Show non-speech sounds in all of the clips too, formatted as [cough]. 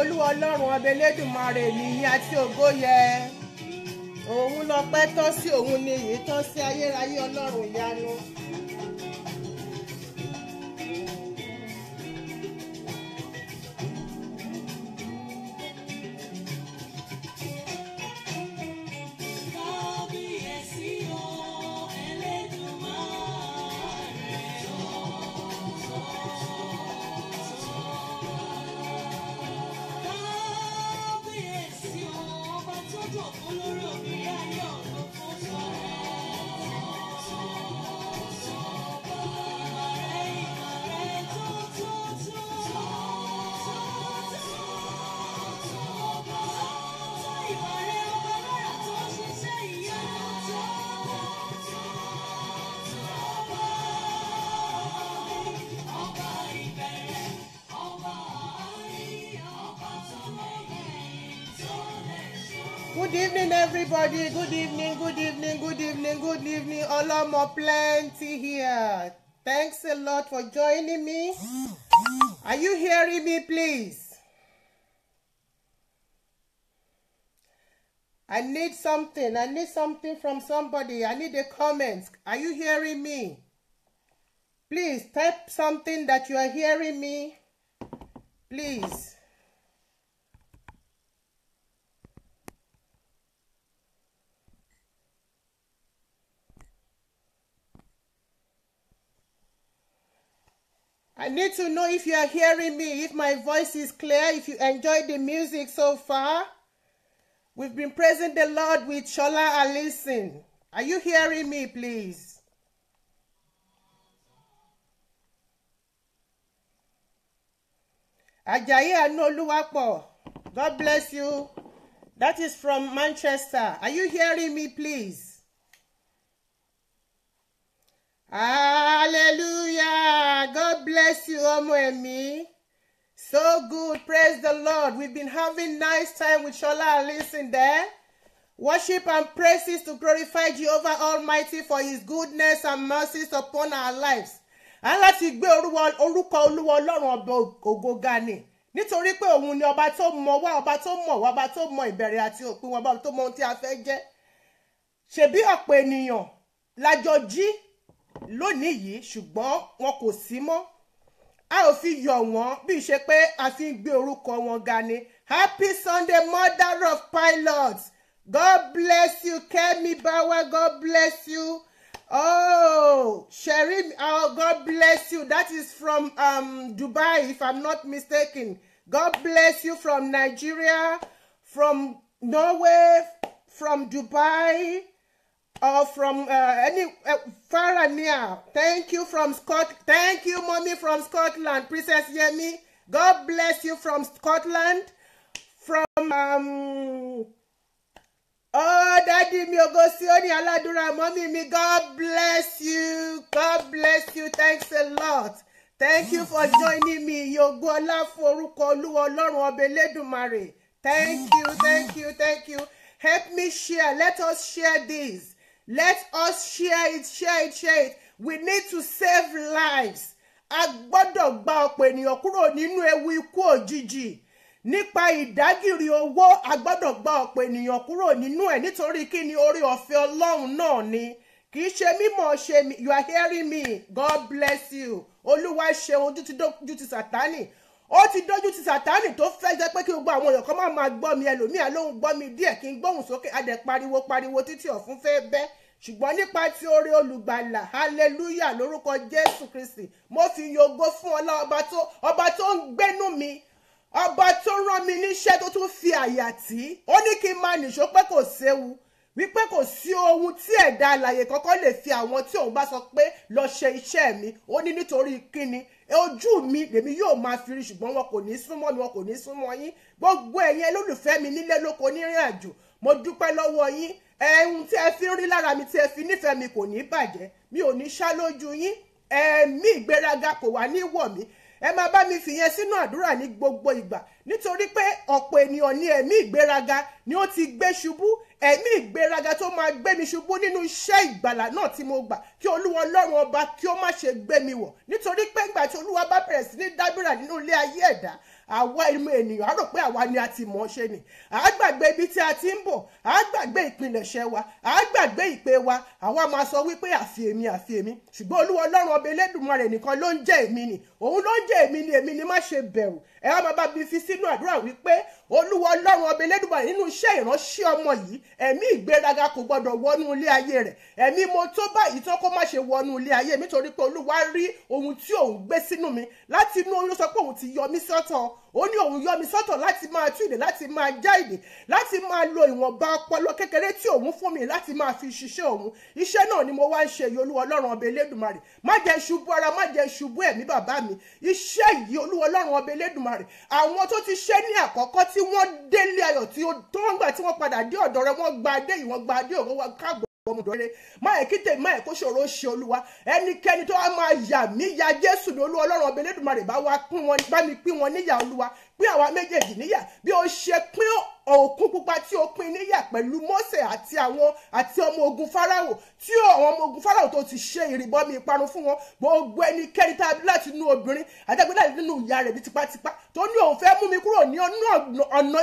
olúwa ọlọ́run ọba elédùnmarè nìyí àti ògo yẹ òun lọ́pẹ́ tọ́ sí òun ni èyí tọ́ sí ayérayé ọlọ́run ìyanu. for joining me. Are you hearing me, please? I need something. I need something from somebody. I need a comment. Are you hearing me? Please type something that you are hearing me. Please. I need to know if you are hearing me, if my voice is clear, if you enjoyed the music so far. We've been praising the Lord with Shola Alison. Are you hearing me, please? Ajayi Anoluwapo, God bless you. That is from Manchester. Are you hearing me, please? Hallelujah. God bless you, Omo and me. So good. Praise the Lord. We've been having nice time with Shola. Listen there. Worship and praises to glorify Jehovah Almighty for his goodness and mercies upon our lives. A láti gbé orúkọ Olúwa Ọlọ́run ọba ògo ga ni. Nítorí pé òun ni ọba tó mọ wá, ọba tó mọ̀ wá, ọba tó mọ ìbẹ̀rẹ̀ àti òpin wọn, ọba tó mọ ohun tí a fẹ́ jẹ́. Ṣèbí ọ̀pọ̀ ènìyàn lájọ jí lónìí yìí ṣùgbọ́n wọn kò sí mọ́ a ò fi yọ̀ wọ́n bí ṣe pé a fi ń gbé orúkọ wọn ga ni happy sunday mother of pilots god bless you kemi bawa god bless you oh sherim oh, god bless you that is from um, dubai if i'm not mistaken god bless you from nigeria from norway from dubai or from uh, any uh, far and near. Thank you from Scot. Thank you, mommy from Scotland, Princess Yemi. God bless you from Scotland. From um, oh, Daddy mi ogosi oni Aladura, mommy mi. God bless you. God bless you. Thanks a lot. Thank you for joining me. Yogola forúkọ Olúwa Ọlọ́run Ọba Elédùmarè. Thank you, thank you, thank you. Help me share. Let us share this. Let us share it, share it, share it. We need to save lives. A gbọ́dọ̀ gba ọ̀pọ̀ ènìyàn kúrò nínú ewu ikú òjijì. Nípa ìdágìrì owó, a gbọ́dọ̀ gba ọ̀pọ̀ ènìyàn kúrò nínú ẹ̀ nítorí kí ni orí ọ̀fẹ́ Ọlọ́run náà ni. Kì í ṣe mímọ̀ ṣe mi, you are hearing me, God bless you. Olúwa ṣeun ojú ti sàtánì ó ti dójú ti sàtánì tó fẹ́ jẹ́ pé kí gbogbo àwọn èèyàn kan máa máa gbọ́ mi ẹlòmíà lóhùn gbọ́ mi díẹ̀ kí n gbóhùn sókè adẹ̀ pariwo pariwo títí ọ̀fun fẹ́ bẹ́ ṣùgbọ́n nípa ti oore olùgbàlà hallelujah lórúkọ jésù kristi mo fi yògo fún ọlá ọba tó ọba tó ń gbénú mi ọba tó rán mi níṣẹ́ tó tún fi àyà tí ó ní kí n máa nìṣó pé kò séwu wípé kò sí ohun tí ẹ̀dá alàyè kankan lè fi àwọn tí òun bá sọ pé lọ ṣe iṣẹ́ mi ó ní nítorí kíni ojú mi lèmi yóò máa fi rí ṣùgbọ́n wọn kò ní súnmọ́ mi wọn kò ní súnmọ́ yín gbogbo ẹ̀yin olólùfẹ́ mi nílé lóko nírìn àjò mo dúpẹ́ lọ́wọ́ yín ẹ̀hún tí ẹ fi ń rí lára mi tí ẹ fi nífẹ̀ẹ́ mi kò ní bàjẹ́ mi ò ní ṣá lójú yín ẹ̀mí ìgbéraga kò wá ní wọ̀ mí ẹ máa bá mi fìyẹn sínú àdúrà ní gbogbo ìgbà nítorí pé ọ̀pọ̀ ènìyàn ní ẹ̀mí ìgbéraga ni ó ti gbé ṣubú ẹ̀mí ìgbéraga tó máa gbé mi ṣubú nínú iṣẹ́ ìgbàlà náà tí mo gbà kí olúwa ọlọ́run ọba kí ó má ṣe gbé mi wọ̀ nítorí pé ńgbà tí olúwa bá bẹ̀rẹ̀ sí ní dábìrà nínú ilé ayé ẹ̀dá àwa ènìyàn á rò pé àwa ni a ti mọ̀ ọ́ ṣe ni à á gbàgbé ibi tí a ti ń bọ̀ à á gbàgbé ìpilẹ̀ṣẹ̀ wa à á gbàgbé ìpè wa àwa máa sọ wípé àfi èmi àfi èmi ṣùgbọ́n olúwa ọlọ́run ọba elédùnmarè nìkan ló ń jẹ́ èmi nì òun ló ń jẹ́ èmi ni èmi ni má ṣe bẹ̀rù ẹ wá máa bá mi fi sínú àdúrà wípé olúwa ọlọ́run ọbẹ̀ lẹ́dùnmọ̀ nínú iṣẹ́ ìránṣẹ́ ọmọ yìí ẹ̀mí ìgbéraga kò gbọdọ̀ wọnú ilé ayé rẹ̀ ẹ̀mí mo tó báyìí tán kó má ṣe wọnú ilé ayé mi torí pé olúwa rí ohun tí òun gbé sínú mi láti inú oyún sọ pé òun ti yọ mí sọ́tọ̀ ó ní òun yọ mi sọ́tọ̀ láti máa tú ìdè láti máa já ìdè láti máa lo ìwọ̀nba ọpọlọ kékeré tí òun fún mi láti máa fi ṣiṣẹ́ òun iṣẹ́ náà ni mo wá ń ṣe èyí olúwa ọlọ́run ọba elédùnmarè má jẹ́ ṣubú ara má jẹ́ ṣubú ẹ̀mí bàbá mi iṣẹ́ yìí olúwa ọlọ́run ọba elédùnmarè àwọn tó ti ṣe ní àkọ́kọ́ tí wọ́n délé ayọ̀ tí ó tó wọ́n gbà tí wọ́n padà dé ọ̀dọ̀ rẹ wọ́n gba adé yìí gba adé òun wọn káàbọ̀ ọmọdé rere má yẹ kí tèmi má yẹ kó ṣòro ṣe olúwa ẹnikẹ́ni tó wá máa yà mí ya jésù mi olúwa ọlọ́run ọbẹ̀ elédùnmarè bá wa pín wọn bá mi pín wọn níyà olúwa pín àwa méjèèjì níyà bí ó ṣe pín òkun pupa tí ó pín níyà pẹ̀lú mọ́sẹ̀ àti àwọn àti ọmọ ogun fáráwò tí àwọn ọmọ ogun fáráwò tó ti ṣe ìrìbọmi ìparun fún wọn gbogbo ẹnikẹ́ni tá obìnrin àjẹgbẹ́dàdé nínú ìyá rẹ̀ ní tipátipá tó ní òun fẹ́ mú mi kúrò ní ọ̀nà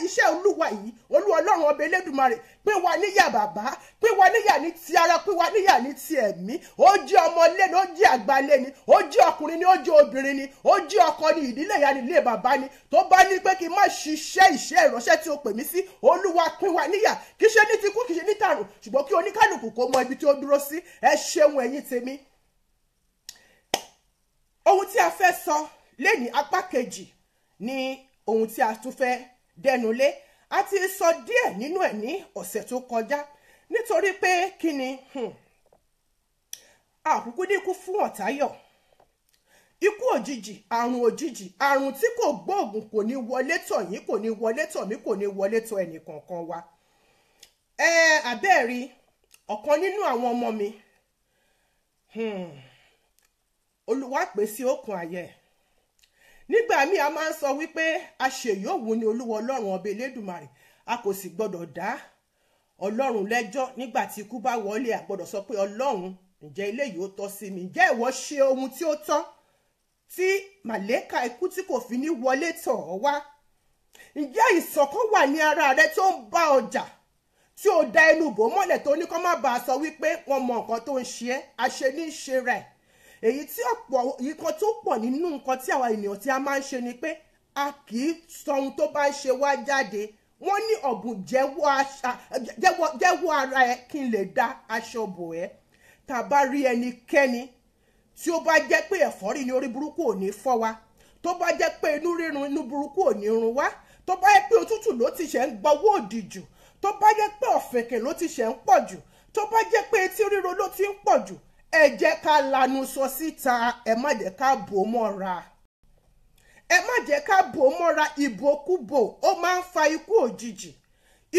iṣẹ́ olúwa yìí olúwa ọlọ́run ọbẹ̀ elédùnmarè pín wa níyà bàbá pín wa níyà ní ti ara pín wa níyà ní ti ẹ̀mí ó jẹ́ ọmọlé ni ó jẹ́ àgbálẹ̀ ni ó jẹ́ ọkùnrin ni ó jẹ́ obìnrin ni ó jẹ́ ọkọ ni ìdílé ìyá ni ilé bàbá ni tó bá ní pé kí n má ṣiṣẹ́ iṣẹ́ ìránṣẹ́ tí o pè mí sí olúwa pín wa níyà kì ṣe ní ti kú kì ṣe ní tàrùn ṣùgbọ́n kí oníkálukú kó mọ ibi tí ó dúró sí ẹ ṣeun ẹ̀yin tèmi ohun tí a fẹ́ sọ lẹ́ni apá kejì ni ohun tí a tún fẹ́ dẹnu lé a ti sọ díẹ̀ nínú ẹ̀ ní ọ̀sẹ̀ tó kọjá nítorí pé kí ni àkúkú ní ikú fún ọ̀táyọ̀ ikú òjijì àrùn òjijì àrùn tí kò gbóògùn kò ní wọlé tọ̀ yín kò ní wọlé tọ̀ mí kò ní wọlé tọ̀ ẹnì kankan wa ẹ abẹ́ẹ̀rí ọ̀kan nínú àwọn ọmọ mi. Hmm olúwa pè sí òkun àyẹ̀ nígbà míì a máa ń sọ wípé a ṣèyóòwù ni olúwa ọlọ́run ọba elédùmarè a kò sì gbọdọ̀ dá ọlọ́run lẹ́jọ́ nígbà tí ikú bá wọlé a gbọdọ̀ sọ pé ọlọ́run ǹjẹ́ eléyìí ó tọ́ sí mi ǹjẹ́ ìwọ ṣe ohun tí ó tọ́ tí màlẹ́kà ikú tí kò fi ní wọlé tọ̀ ọ́ wá ǹjẹ́ ìṣọ̀kan wà ní ara rẹ tó ń bá ọjà tí ó da ẹnu bò mọ́lẹ̀ tó ní kó má bàa sọ wípé wọ́n mọ nǹkan tó ń ṣe é àṣẹ ní í ṣe rẹ̀ èyí tí ọ̀pọ̀ nǹkan tó pọ̀ nínú nǹkan tí àwa ènìyàn tí a máa ń ṣe ni pé a kì í sọ ohun tó bá ń ṣe wá jáde wọ́n ní ọ̀bùn jẹ́wọ́ ara ẹ kí n lè dá aṣọ bò ẹ́ tá a bá rí ẹnikẹ́ni tí ó bá jẹ́ pé ẹ̀fọ́rí ni orí burúkú ò ní fọ́ wa tó bá jẹ́ pé inú rírun inú burúkú ò ní run wá tó bá jẹ́ pé òtútù ló ti ṣe ń gbọ́wọ́ òdì jù tó bá jẹ́ pé ọ̀fẹ̀kẹ̀ ló ti ṣe ń pọ̀ jù tó bá jẹ́ pé etí ríro ló ti ń pọ̀ jù ẹ jẹ́ ká lanu sọ síta ẹ má jẹ́ ká bò ó mọ́ra ẹ má jẹ́ ká bò ó mọ́ra ìbòkúbò ó máa ń fa ikú òjijì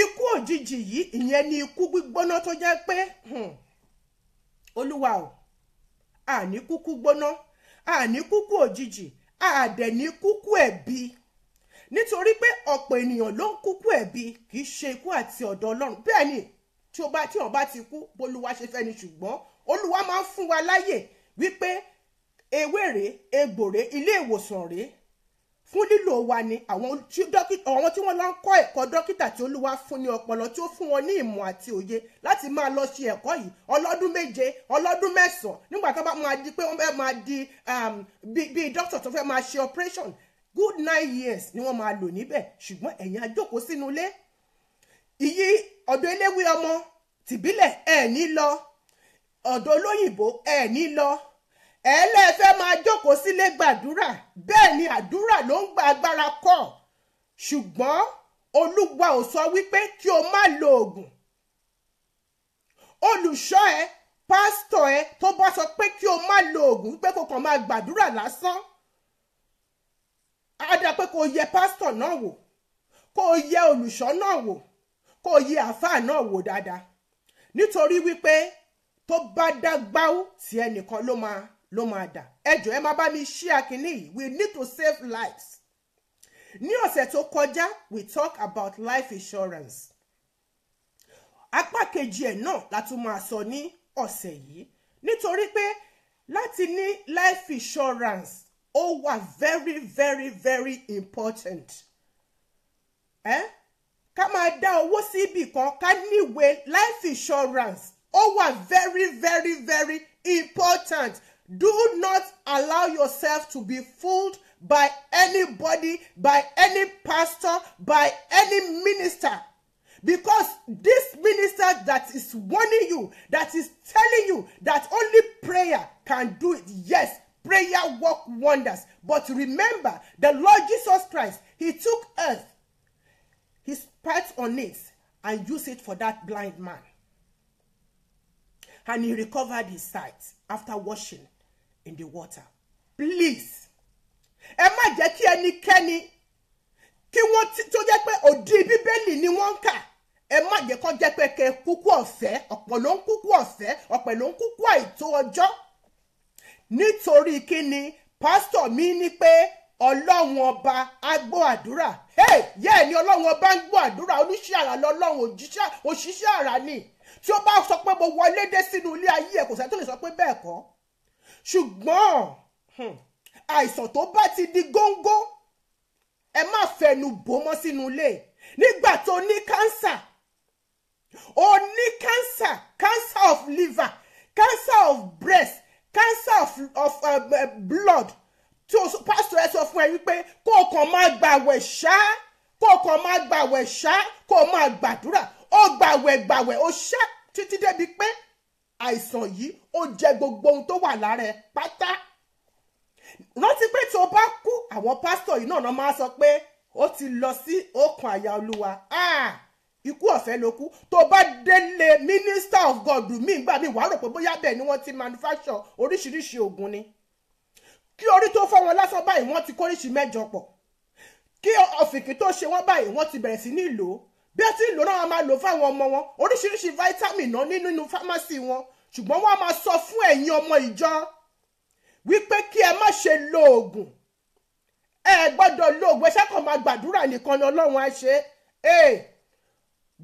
ikú òjijì yìí ìyẹn ni ikú gbígbóná tó jẹ́ pé hmm, olúwa o àní kúkú gbóná àní kúkú òjijì àdẹ̀ní kúkú ẹ̀bi nítorí pé ọ̀pọ̀ ènìyàn ló ń kúkú ẹ̀bi kì í ṣe ikú àti ọ̀dọ̀ ọlọ́run bẹ́ẹ̀ ni tí o tí wọn ti kú bólúwa ṣe fẹ́ ni ṣùgbọ́n olúwa máa ń fún wa láyè wípé ewé rèé egbò rèé ilé ìwòsàn rèé fún lílò wa ni àwọn tí wọ́n lọ ń kọ́ ẹ̀kọ́ dókítà tí olúwa fún ní ọpọlọ tí ó fún wọn ní ìmọ̀ àti òye láti máa lọ ṣe ẹ̀kọ́ yìí ọlọ́dún méje ọlọ́dún mẹ́sàn-án nígbà tó bá máa di pé wọ́n fẹ́ máa di um, bíi dókítà tó fẹ́ máa ṣe operation good nine years ni wọ́n máa lò níbẹ̀ ṣùgbọ́n ẹ̀yin àjókòó sínú ilé ìyí ọ̀dọ̀ eléwé ọmọ tìbílẹ̀ ẹ̀ ní lọ ọ̀dọ̀ olóyìnbó ẹ ní lọ ẹ lẹ́ẹ̀fẹ́ máa jókòó sílé gbàdúrà bẹ́ẹ̀ ni àdúrà ló ń gba agbára kọ̀ ṣùgbọ́n olúwa ò sọ wípé kí o má lo oògùn olùṣọ́ ẹ pásítọ̀ ẹ tó bá sọ pé kí o má lo oògùn wípé kò kàn máa gbàdúrà lásán á dá pé kò yẹ pásítọ̀ náà wò kò yẹ olùṣọ́ náà wò kò yẹ àáfàá náà wò dáadáa nítorí wípé tó bá dá gbáú tí ẹnìkan ló máa ló máa dà ẹjọ ẹ máa bá mi share kinní yìí we need to save lives ní ọ̀sẹ̀ tó kọjá we talk about life insurance apá kejì ẹ̀ náà la tún máa sọ ní ọ̀sẹ̀ yìí nítorí pé láti ní life insurance ó wà very very very important ẹ ká máa dá owó síbì kan ká níwèé life insurance Oh, wà very very very important do not allow yourself to be fooled by anybody by any pastor by any minister because this minister that is warning you that is telling you that only prayer can do it yes prayer work wonders but remember the lord jesus christ he took earth his spat on it and used it for that blind man and he recovered his sight after washing in the water. Please, ẹ má jẹ́ kí ẹnikẹ́ni kí wọ́n tó jẹ́ pé òdi bíbélì ni wọ́n ń kà ẹ má jẹ́ kó jẹ́ pé kẹ kúkú ọ̀fẹ́ ọ̀pọ̀ ló ń kúkú ọ̀fẹ́ ọ̀pẹ̀ ló ń kúkú àìtó ọjọ́ nítorí kí ni pásítọ̀ mi ní pé ọlọ́run ọba á gbọ́ àdúrà yẹ́ẹ̀ ni ọlọ́run ọba ń gbọ́ àdúrà oníṣẹ́ àrà lọ́lọ́run òṣìṣẹ́ àrà ni tí ó bá sọ pé mo wọlé dé sínú ilé ayé ẹ kò sẹ́ni tó lè sọ pé bẹ́ẹ̀ kọ́ ṣùgbọ́n hmm, àìsàn tó bá ti di góńgó ẹ má fẹnu bò mọ́ sínú ilé nígbà tó ní kánsà ó ní kánsà kánsà of liver kánsà of breast kánsà of, of uh, uh, blood tí o pásítọ̀ ẹ sọ fún ẹ wípé kó o kàn máa gbàwẹ̀ ṣá kó o kàn máa gbàwẹ̀ ṣá kó o máa gbàdúrà ó gbàwẹ̀ gbàwẹ̀ ó ṣẹ́ títí débi pé àìsàn yìí ó jẹ gbogbo ohun tó wà lára ẹ pátá rántí pé tí o bá kú àwọn pásítọ̀ yìí náà máa sọ pé ó ti lọ sí okùn àyà olúwa ah! ikú ọ̀fẹ́ ló kú tó bá délé minister of god mi gbà mí wàá rò pé bóyá bẹ́ẹ̀ ni wọ́n ti manufacture oríṣiríṣi oògùn ni kí orí tó fọ́ wọn lásán báyìí wọ́n ti kóríṣi mẹ́jọ pọ̀ kí ọ̀fìnkì tó ṣe wọ́n báyìí wọ́n ti bẹ̀rẹ̀ sí ní bí ẹ ti lò náà wọn máa lò fáwọn ọmọ wọn oríṣiríṣi vitamin náà nínú fámásì wọn ṣùgbọ́n wọ́n á máa sọ fún ẹ̀yin ọmọ ìjọ wípé kí ẹ má ṣe lo oògùn ẹ gbọ́dọ̀ lo oògùn ẹṣẹ́ kan máa gbàdúrà nìkan ni ọlọ́run á ṣe é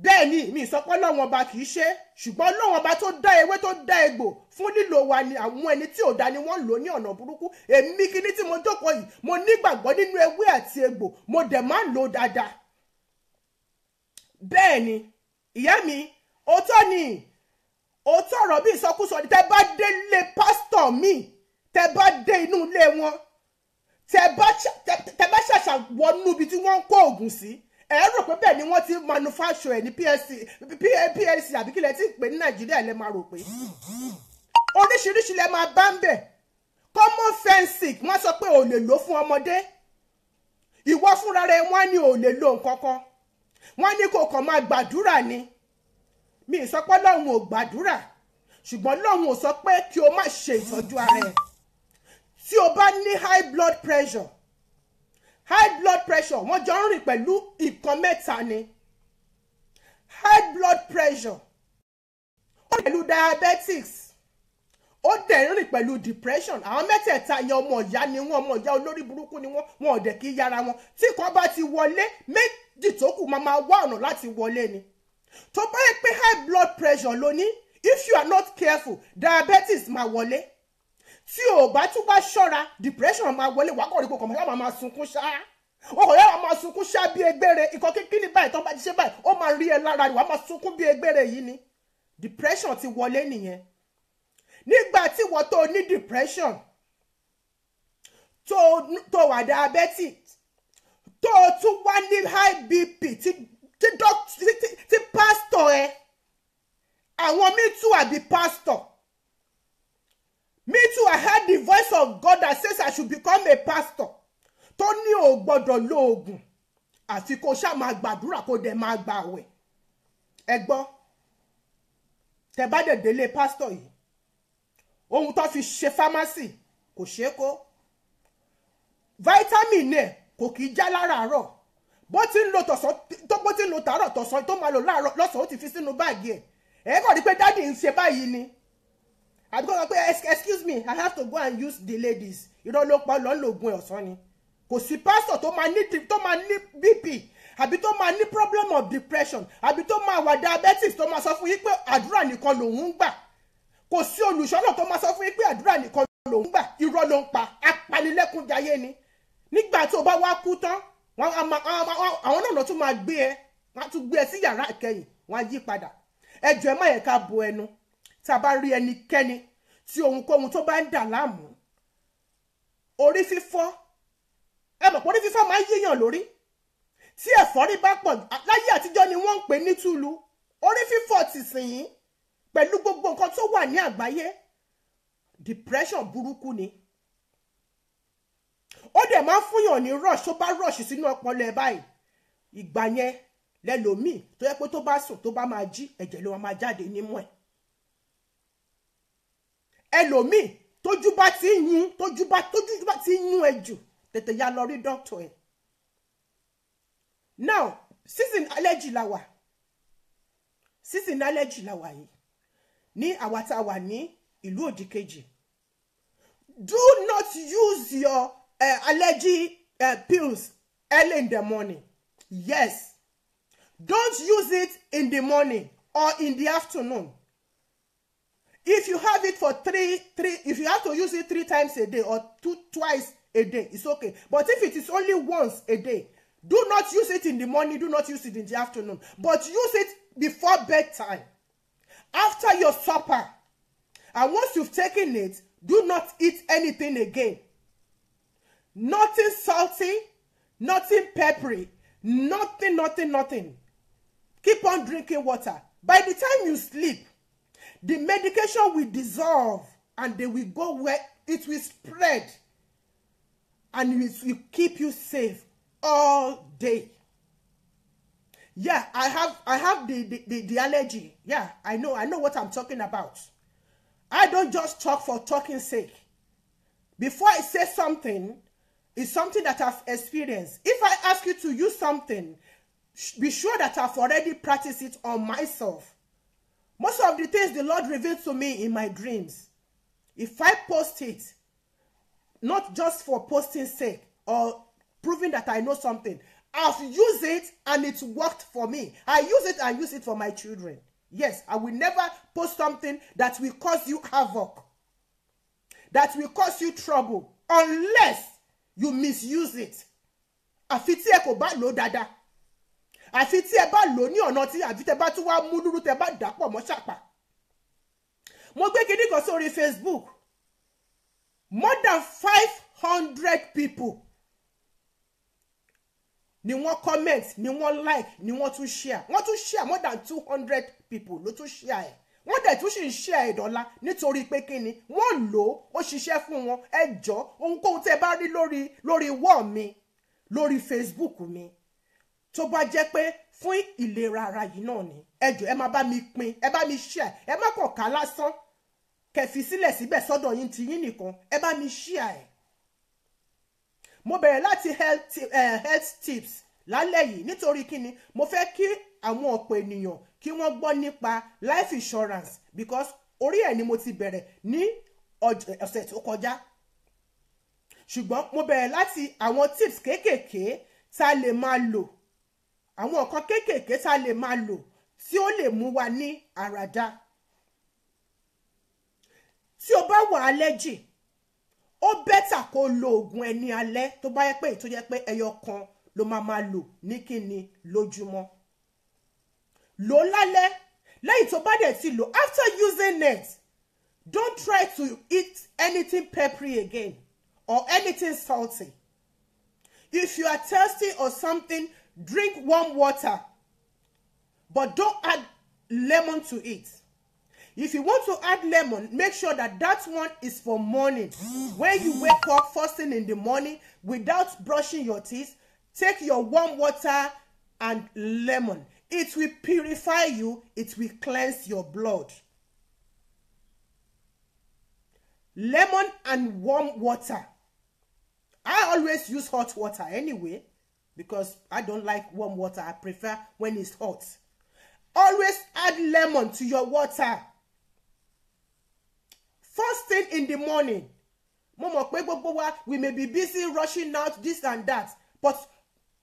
bẹ́ẹ̀ ni mi ìsọpọ́ lọ́wọ́n ọba kì í ṣe ṣùgbọ́n lọ́wọ́n ọba tó dá ewé tó dá egbò fún lílo wa ni àwọn ẹni tí ò dá ni wọ́n lò ní ọ̀nà burúkú èmi kíní tí mo jókòó yìí mo nígbàgbọ́ nínú ewé àti egbò mo dẹ̀ máa ń lò dáadáa bẹ́ẹ̀ ni ìyá mi òótọ́ ni òótọ́ ọ̀rọ̀ bí ìsọkúsọ ni tẹ́ bá dé ilé pásítọ̀ mi tẹ́ bá dé inú ilé wọn tẹ́ bá ṣàṣà wọnú ibi tí wọ́n ń kó oògùn sí ẹ rò pé bẹ́ẹ̀ ni wọ́n ti manufacture ẹ̀ ní PLC PLC àbí kílẹ̀ tí ń pè ní Nàìjíríà lẹ́ máa rò pé oríṣiríṣi lẹ́ máa bá ń bẹ̀ common fencing wọ́n sọ pé ò lè lò fún ọmọdé ìwọ fúnra rẹ̀ wọ́n ní ò lè lò nǹkan kan wọ́n ní kò kàn máa gbàdúrà ni mi ì sọ pé lọ́hùn ò gbàdúrà ṣùgbọ́n lọ́hùn ò sọ pé kí o má ṣe ìtọ́jú ara ẹ̀ tí o bá ní high blood pressure high blood pressure wọ́n jọ ń rìn pẹ̀lú nǹkan mẹ́ta ni high blood pressure ó rìn pẹ̀lú diabetics ó dẹ̀ ń rìn pẹ̀lú depression àwọn mẹ́tẹ̀ẹ̀ta yẹn ọmọ ìyá ni wọ́n ọmọ ìyá olórí burúkú ni wọ́n wọn ò dẹ̀ kí yára wọn tí kan bá ti wọlé méjì dìtókù máa máa wá ọ̀nà láti wọlé ni tó bá yẹ pé high blood pressure ló ní if you are not careful diabetes máa wọlé tí o bá tún bá ṣọ́ra depression máa wọlé wàá kọ̀ rí kòkòrò láwọn máa sunkún ṣáá ọkọ̀ yàrá máa sunkún ṣáá bí egbére ikọ̀ kíkíní báyìí tó bá ti ṣe báyìí ó máa rí ẹ lára rẹ̀ wàá máa sunkún bí egbére yìí ni depression ti wọlé nìyẹn nígbà tí wọ́n tó ní depression tó wà diabetic tó o tún wá ní high bp tí tí tí pásítọ̀ ẹ àwọn mítú pastor. Me too. I heard the voice of God that says I should become a pastor tó ní o gbọ́dọ̀ lo oògùn àfi kó ṣáà máa gbàdúrà kó dẹ̀ máa gbà àwẹ̀ ẹ gbọ́ tẹ bá dẹ̀ délé pásítọ̀ yìí ohun tó fi ṣe pharmacy. kò ṣeé kó vitamin náà kò kì í já láràárọ̀ bó ti ń lo tọ̀sán tó bó ti ń lo tàárọ̀ tọ̀sán tó máa lò láàárọ̀ lọ́sàn-án ó ti fi sínú báàgì ẹ̀ ẹ̀ kàn rí pé dáàdì ń ṣe báyìí ni àbí kò pé excuse me I have to go and use the ladies irọ́ ló pa lọ́n lògùn ẹ̀ ọ̀sán ni kò sí pásítọ̀ tó máa ní tó máa ní BP àbí tó máa ní problem of depression àbí tó máa wà diabetes tó máa sọ fún yín pé àdúrà nìkan lòun ń gbà kò sí olùṣọ́nà tó máa sọ fún yín pé àdúrà nìkan lòun ń gbà irọ́ ló ń pa apanilẹ́kúnjayé ni nígbà tí o bá wá kú tán àwọn náà tún máa gbé ẹ wọ́n tún gbé ẹ sí yàrá ìkẹyìn wọ́n á yí padà ẹjọ́ ẹ má yẹ ká bo ẹnu tá a bá rí ẹnikẹ́ni tí ohunkóhun tó bá ń dà láàmú orí fífọ́ ẹ mọ̀ pé orí fífọ́ máa ń yíyàn lórí tí ẹ̀fọ́rí bá pọ̀ láyé àtijọ́ ni wọ́n ń pè ní túlu orí fífọ́ ti sìn yín pẹ̀lú gbogbo nǹkan tó wà ní àgbáyé depression burúkú ni ó dẹ̀ máa ń fúnyàn ní rush tó bá rush sínú ọpọlọ ẹ̀ báyìí ìgbà yẹn lẹ́lòmíì tó yẹ pé tó bá sùn tó bá máa jí ẹ̀jẹ̀ ló máa jáde nímú ẹ̀ ẹlòmíì tójú bá ti ń yún tójú bá tójú bá ti ń yún ẹ jù tètè ya lọ rí dókítà ẹ now season allergy la wà season allergy la wà yìí ní àwa tá a wà ní ìlú òdìkejì do not use your uh, eh, allergy uh, eh, pills early in the morning. Yes. Don't use it in the morning or in the afternoon. If you have it for three, three, if you have to use it three times a day or two, twice a day, it's okay. But if it is only once a day, do not use it in the morning, do not use it in the afternoon, but use it before bedtime, after your supper. And once you've taken it, do not eat anything again nothing salty nothing peppery nothing nothing nothing keep on drinking water by the time you sleep the medication will dissolve and they will go where it will spread and it will keep you safe all day yeah i have i have the the the, the allergy yeah i know i know what i'm talking about i don't just talk for talking sake before i say something is something that I've experienced. If I ask you to use something, be sure that I've already practiced it on myself. Most of the things the Lord revealed to me in my dreams, if I post it, not just for posting sake or proving that I know something, I've used it and it worked for me. I use it and use it for my children. Yes, I will never post something that will cause you havoc, that will cause you trouble, unless you misuse it àfi tí ẹ kò bá lò dáadáa àfi tí ẹ bá lò ní ọ̀nà tí àfi tẹ bá tún wá mú lúrú tẹ bá dà pọ̀ mọ́ ṣàpà mo gbé kinní kan sórí Facebook more than five hundred people ni wọ́n comment ni wọ́n like ni wọ́n tún share wọ́n tún share more than two hundred people ló tún share ẹ̀ wọ́n dẹ̀ tún sì ń ṣe ẹ̀dọ́lá nítorí pé kí ni wọ́n lò ó ó ṣiṣẹ́ fún wọn ẹ jọ ohunkóhun tẹ́ bá rí lórí lórí wọ́ọ̀ mi lórí Facebook mi tó bá jẹ́ pé fún ìlera ara yìí náà ni ẹ jọ ẹ máa bá mi pín ẹ bá mi share ẹ má kàn ká lásán kẹfì sílẹ̀ síbẹ̀ sọ́dọ̀ yín ti yín nìkan ẹ bá mi share ẹ̀ mo bẹ̀rẹ̀ láti health, uh, health tips lálẹ́ yìí nítorí kíni mo fẹ́ kí àwọn ọ̀pọ̀ ènìyàn kí wọ́n gbọ́ nípa life insurance because orí ẹ̀ ni mo ti bẹ̀rẹ̀ ní ọ̀sẹ̀ tó kọjá ṣùgbọ́n mo bẹ̀rẹ̀ láti àwọn tips kéékèèké tá a lè máa lò àwọn nǹkan kéékèèké tá a lè máa lò tí ó lè mú wa ní àràdá tí o bá wà allergy ó bẹ́tà kó lo oògùn ẹni alẹ́ tó bá yẹ pé ètò yẹ pé ẹyọ kan ló máa máa lò ní kíni lójúmọ́ lò ó lálẹ́ lẹ́yìn tó bá dẹ̀ ti lò after using it don't try to eat anything peppery again or anything salty if you are thirsty or something drink warm water but don't add lemon to it if you want to add lemon make sure that that one is for morning when you wake up first thing in the morning without brushing your teeth take your warm water and lemon It will purify you, it will cleanse your blood. Lemon and warm water. I always use hot water anyway because I don't like warm water. I prefer when it's hot. Always add lemon to your water. First thing in the morning. we may be busy rushing out this and that but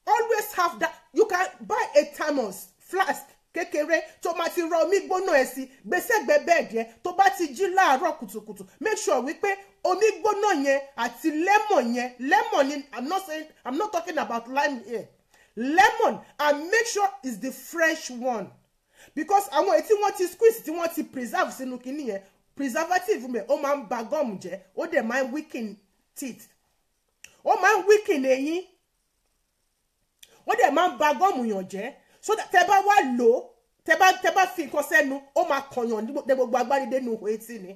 always have that you can buy a thermos flask kékeré tó máa ti rọ omi gbóná ẹ sí gbèsègbè bẹ́ẹ̀dì ẹ tó bá ti jí láàárọ̀ kùtùkùtù make sure wípé omi gbóná yẹn àti lemon yẹn lemon ni i'm not saying i'm not talking about lime here lemon and make sure it's the fresh one because àwọn èyí tí wọ́n ti squeeze tí wọ́n ti preserve sínú kinní yẹn preservative mi ó máa ń ba gum jẹ́ ó dẹ̀ máa ń weaken teeth ó máa ń weaken eyín ó dẹ̀ máa ń ba gum yàn jẹ́ so tẹ bá wà lò ó tẹ bá tẹ bá fi nǹkan sẹ́nu ó máa kọ̀yàn ní gbogbo agbárí dénú òhun etí ni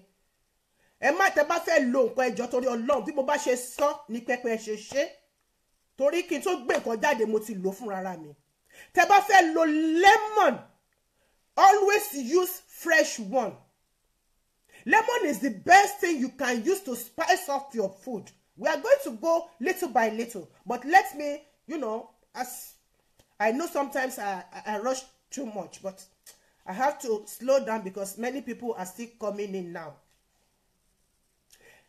ẹ má tẹ bá fẹ́ lo nǹkan ẹjọ́ torí ọlọ́run bí mo bá ṣe sọ ní pẹpẹ ṣe ṣe torí kí n tó gbé nǹkan jáde mo ti lò fúnra mi tẹ bá fẹ́ lo lemon always use fresh one lemon is the best thing you can use to spice up your food we are going to go little by little but let me you know as I know sometimes I, I, rush too much, but I have to slow down because many people are still coming in now.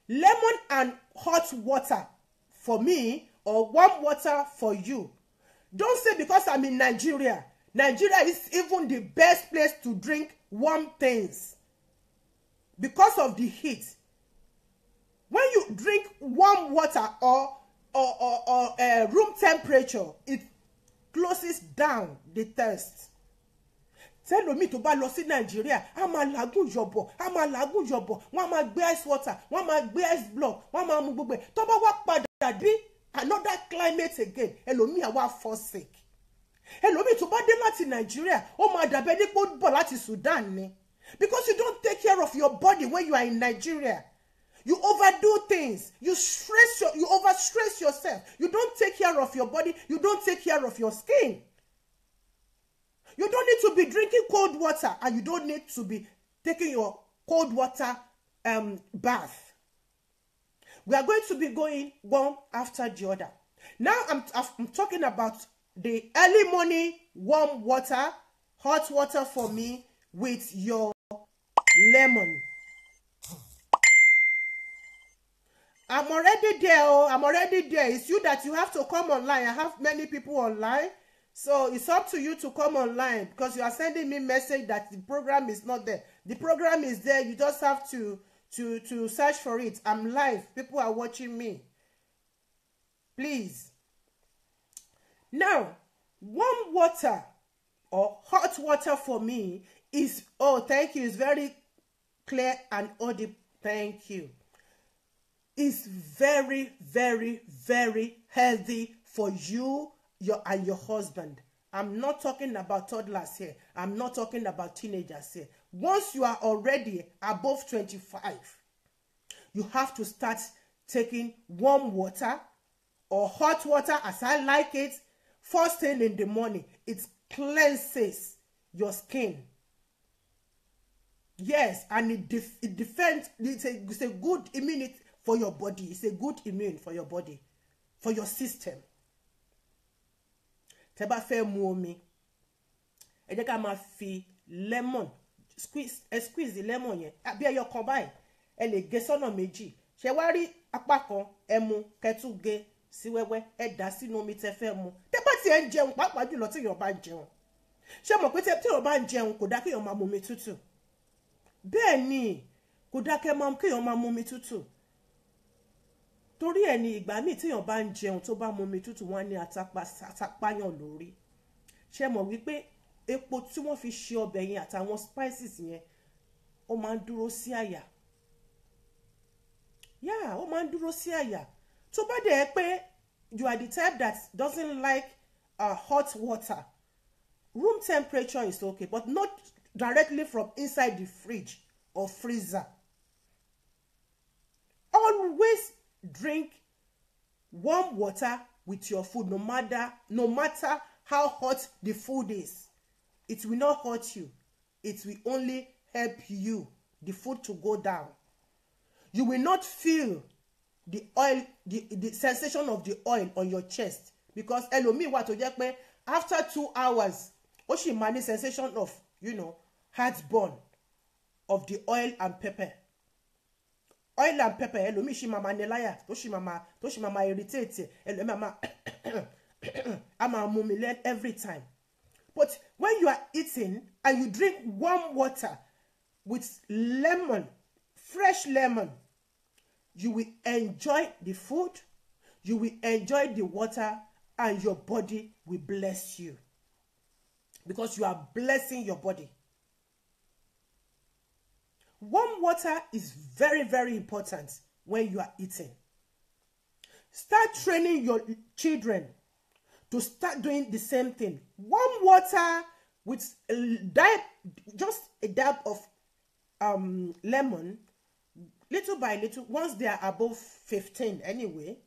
Lemon and hot water for me or warm water for you. Don't say because I'm in Nigeria. Nigeria is even the best place to drink warm things because of the heat. When you drink warm water or or, or, or uh, room temperature, it closes down the test tẹlomi tó bá lọ sí nàìjíríà a máa làágùn yọ̀bọ̀ a máa làágùn yọ̀bọ̀ wọ́n a máa gbé ice water wọ́n a máa gbé ice block wọ́n a máa mu gbogbo ẹ̀ tó bá wá padà dé another climate again ẹlòmí àwa fall sick ẹlòmí tó bá dé láti nàìjíríà ó máa dàbẹ́ nípò bọ̀ láti Sudan ni because you don't take care of your body when you are in Nigeria You overdo things. You stress your, you overstress yourself. You don't take care of your body. You don't take care of your skin. You don't need to be drinking cold water and you don't need to be taking your cold water um, bath. We are going to be going one after the other. Now I'm, I'm talking about the early morning warm water, hot water for me with your lemon. I'm already there. Oh, I'm already there. It's you that you have to come online. I have many people online. So it's up to you to come online because you are sending me message that the program is not there. The program is there. You just have to to to search for it. I'm live. People are watching me. Please. Now, warm water or hot water for me is oh thank you. It's very clear and audible. Thank you is very, very, very healthy for you your, and your husband. I'm not talking about toddlers here. I'm not talking about teenagers here. Once you are already above twenty five, you have to start taking warm water or hot water as I like it. First thing in the morning, it cleanses your skin. Yes, and it, def it defends, it's a, it's a good immunity, for your body. It's a good immune for your body, for your system. Tẹ́ bá fẹ́ mu omi, ẹ jẹ́ ká máa fi lemon squeeze ẹ squeeze the lemon yẹn àbí ẹyọ kan báyìí ẹ lè gé sọ́nà méjì ṣe wá rí apá kan ẹ mu kẹtù gé sí wẹ́wẹ́ ẹ dà sínú omi tẹ́ fẹ́ mu tẹ́ bá tiẹ̀ ń jẹun pàápàá jùlọ tí èèyàn bá ń jẹun ṣé mọ̀ pé tí èèyàn bá ń jẹun kò dá kéèyàn máa mu omi tútù bẹ́ẹ̀ ni kò dá kéèyàn máa mu omi tútù torí ẹ̀ ní ìgbà míì téèyàn bá ń jẹun tó bá mu omi tútù wọn ní atapáyàn lórí ṣe mọ̀ wípé epo tí wọ́n fi ṣe ọbẹ̀ yẹn àtàwọn spices yẹn ó máa ń dúró sí àyà yá ó máa ń dúró sí àyà tó bá dẹ̀ pé you are the type that doesn't like uh, hot water room temperature is okay but not directly from inside the fridge or freezer always drink warm water with your food no matter no matter how hot the food is it will not hurt you it will only help you the food to go down you will not feel the oil the the sensation of the oil on your chest because ẹlòmíì wà tó jẹ́ pé after two hours o sì máa ní sensation of you know burn of the oil and pepper oil and pepper ẹlòmíì ṣì máa ma ní láyà tó ṣì máa ma tó ṣì máa ma irritate ẹlòmíì máa [coughs] a máa mú every time but when you are eating and you drink warm water with lemon fresh lemon you will enjoy the food you will enjoy the water and your body will bless you because you are blessing your body warm water is very very important when you are eating start training your children to start doing the same thing warm water with a dab, just a dab of um, lemon little by little once they are above 15 anyway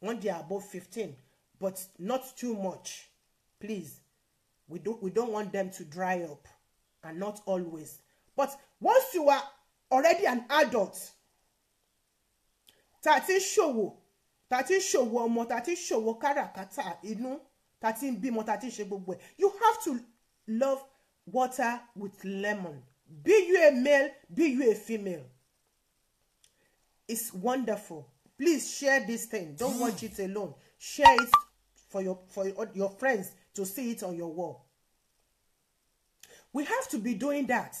once they are above 15 but not too much please we don't we don't want them to dry up and not always but once you are already an adult ta ti ń ṣòwò ta ti ń ṣòwò ọmọ ta ti ń ṣòwò káràkátà inú ta bímọ ta ṣe gbogbo ẹ̀ you have to love water with lemon be you a male be you a female it's wonderful please share this thing don't watch it alone share it for your for your friends to see it on your wall we have to be doing that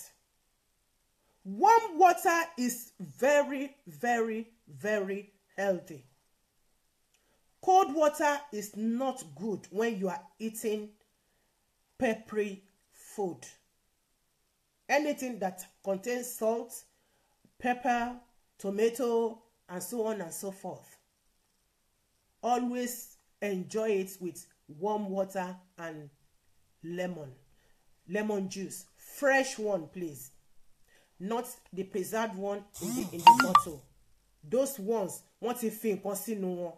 warm water is very very very healthy cold water is not good when you are eating peppery food anything that contains salt pepper tomato and so on and so forth always enjoy it with warm water and lemon lemon juice fresh one please not the preserved one in the, in the [gasps] bottle those ones wọ́n ti fi nǹkan sínú wọn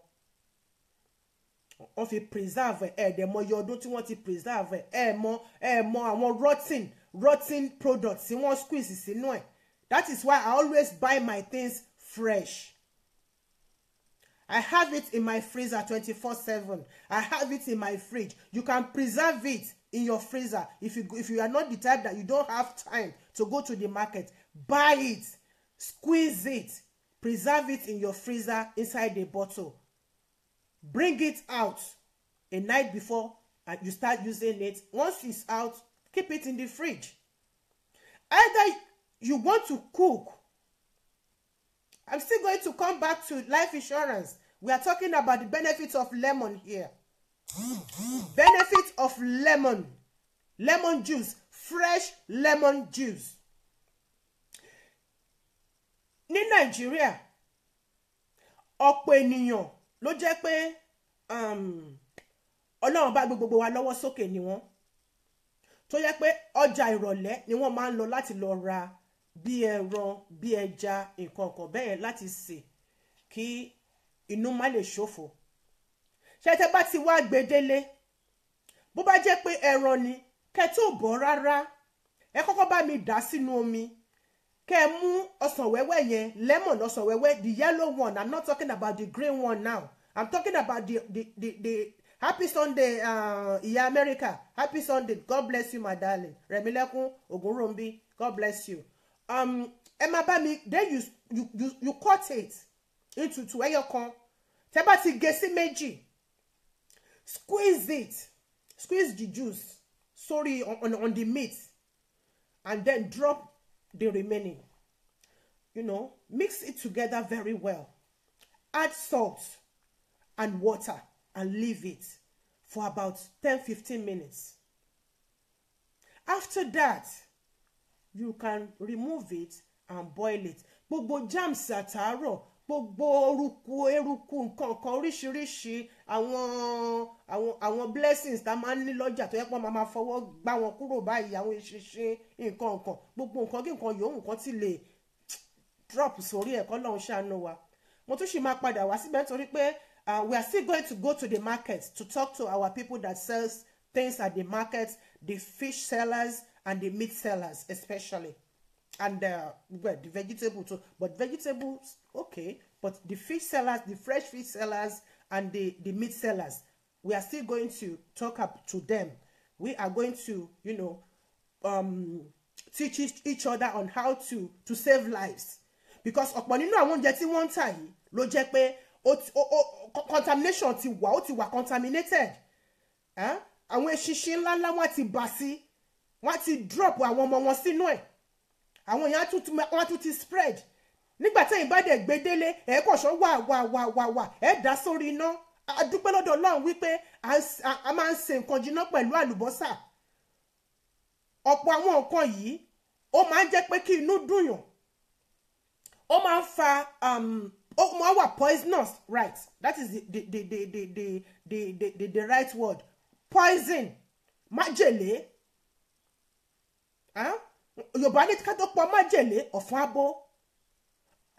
wọ́n fi preserve ẹ̀ ẹ̀ dẹ̀ mọ iye ọdún tí wọ́n ti preserve ẹ̀ ẹ̀ mọ ẹ̀ mọ àwọn rotten rotten products tí wọ́n squeeze sínú ẹ̀ that is why I always buy my things fresh. I have it in my freezer twenty four seven. I have it in my fridge. You can preserve it in your freezer if you if you are not the type that you don't have time to go to the market buy it squeeze it preserve it in your freezer inside a bottle bring it out a night before uh, you start using it once it's out keep it in the fridge either you want to cook i'm still going to come back to life insurance we are talking about the benefits of lemon here benefits of lemon lemon juice fresh lemon juice ní nàìjíríà ọ̀pọ̀ ènìyàn ló jẹ́ pé um, ọlọ́run bá gbé gbogbo wa lọ́wọ́ sókè ni wọ́n tó yẹ pé ọjà ìrọ̀lẹ́ ni wọ́n máa ń lọ láti lọ ra bí ẹran bí ẹja nǹkan kan bẹ́ẹ̀ láti sè kí inú má lè ṣòfò ṣé tẹ́ bá ti wá gbedele bó bá jẹ́ pé ẹran ni kẹ́ tó bọ́ rárá ẹ kọ́kọ́ bá mi dà sínú omi kẹ́ ẹ mú ọsàn wẹ́wẹ́ yẹn lemon ọsàn wẹ́wẹ́ the yellow one i'm not talking about the green one now i'm talking about the the the, the happy sunday uh, yeah america happy sunday god bless you my darling rẹ̀mílẹ́kún ògúnròmbí god bless you um, ẹ máa bá mi then you, you you you cut it into two ẹyọ kan tẹ́ bá ti gé e sí méjì squeeze it squeeze the juice sorry on, on, on the meat and then drop the remaining you know mix it together very well add salt and water and leave it for about 10-15 minutes after that you can remove it and boil it gbogbo jams àtàárọ̀ gbogbo orúkú eruku nǹkan kan oríṣiríṣi àwọn àwọn àwọn blessings tá a máa ń ní lọ́jà tó yẹ pé máa fọwọ́ gbá wọn kúrò báyìí àwọn ìṣinṣin nǹkan nǹkan gbogbo nǹkan kí nǹkan yòówù kan ti lè drop sórí ẹ̀kọ́ lọ́hún ṣàánú wa mo tún sì máa padà wá síbẹ̀ nítorí pé uh, we are still going to go to the market to talk to our people that sells things at the market the fish sellers and the meat sellers especially and uh, well, the vegetable too but vegetables Okay, but the fish sellers, the fresh fish sellers, and the, the meat sellers, we are still going to talk up to them. We are going to, you know, um, teach each other on how to to save lives. Because ọ̀pọ̀ nínú àwọn oúnjẹ tí wọ́n ń tà yìí ló jẹ́ pé contamination ti wà ó ti wà contaminated. Àwọn eṣinṣin ńláńlá wọ́n ti bà sí wọ́n ti drop àwọn ọmọ wọn sínú ẹ̀ àwọn èèyàn wọ́n tún ti spread nígbà tẹ́yìn bá dẹ̀ gbé délé ẹ̀ kọ̀ṣọ́ wà wà wà wà wà ẹ̀ dá sórí iná a dúpẹ́ lọ́dọ̀ Ọlọ́run wípé a máa ń ṣe nǹkan jiná pẹ̀lú àlùbọ́sà ọ̀pọ̀ àwọn nǹkan yìí ó máa ń jẹ́ pé kí inú dùnyàn ó máa ń fa um, ó máa wà poisonous right that is the the the the the the the the, the, the right word poison májèlé yorùbá ní ká tó pọ̀ májèlé ọ̀fun abo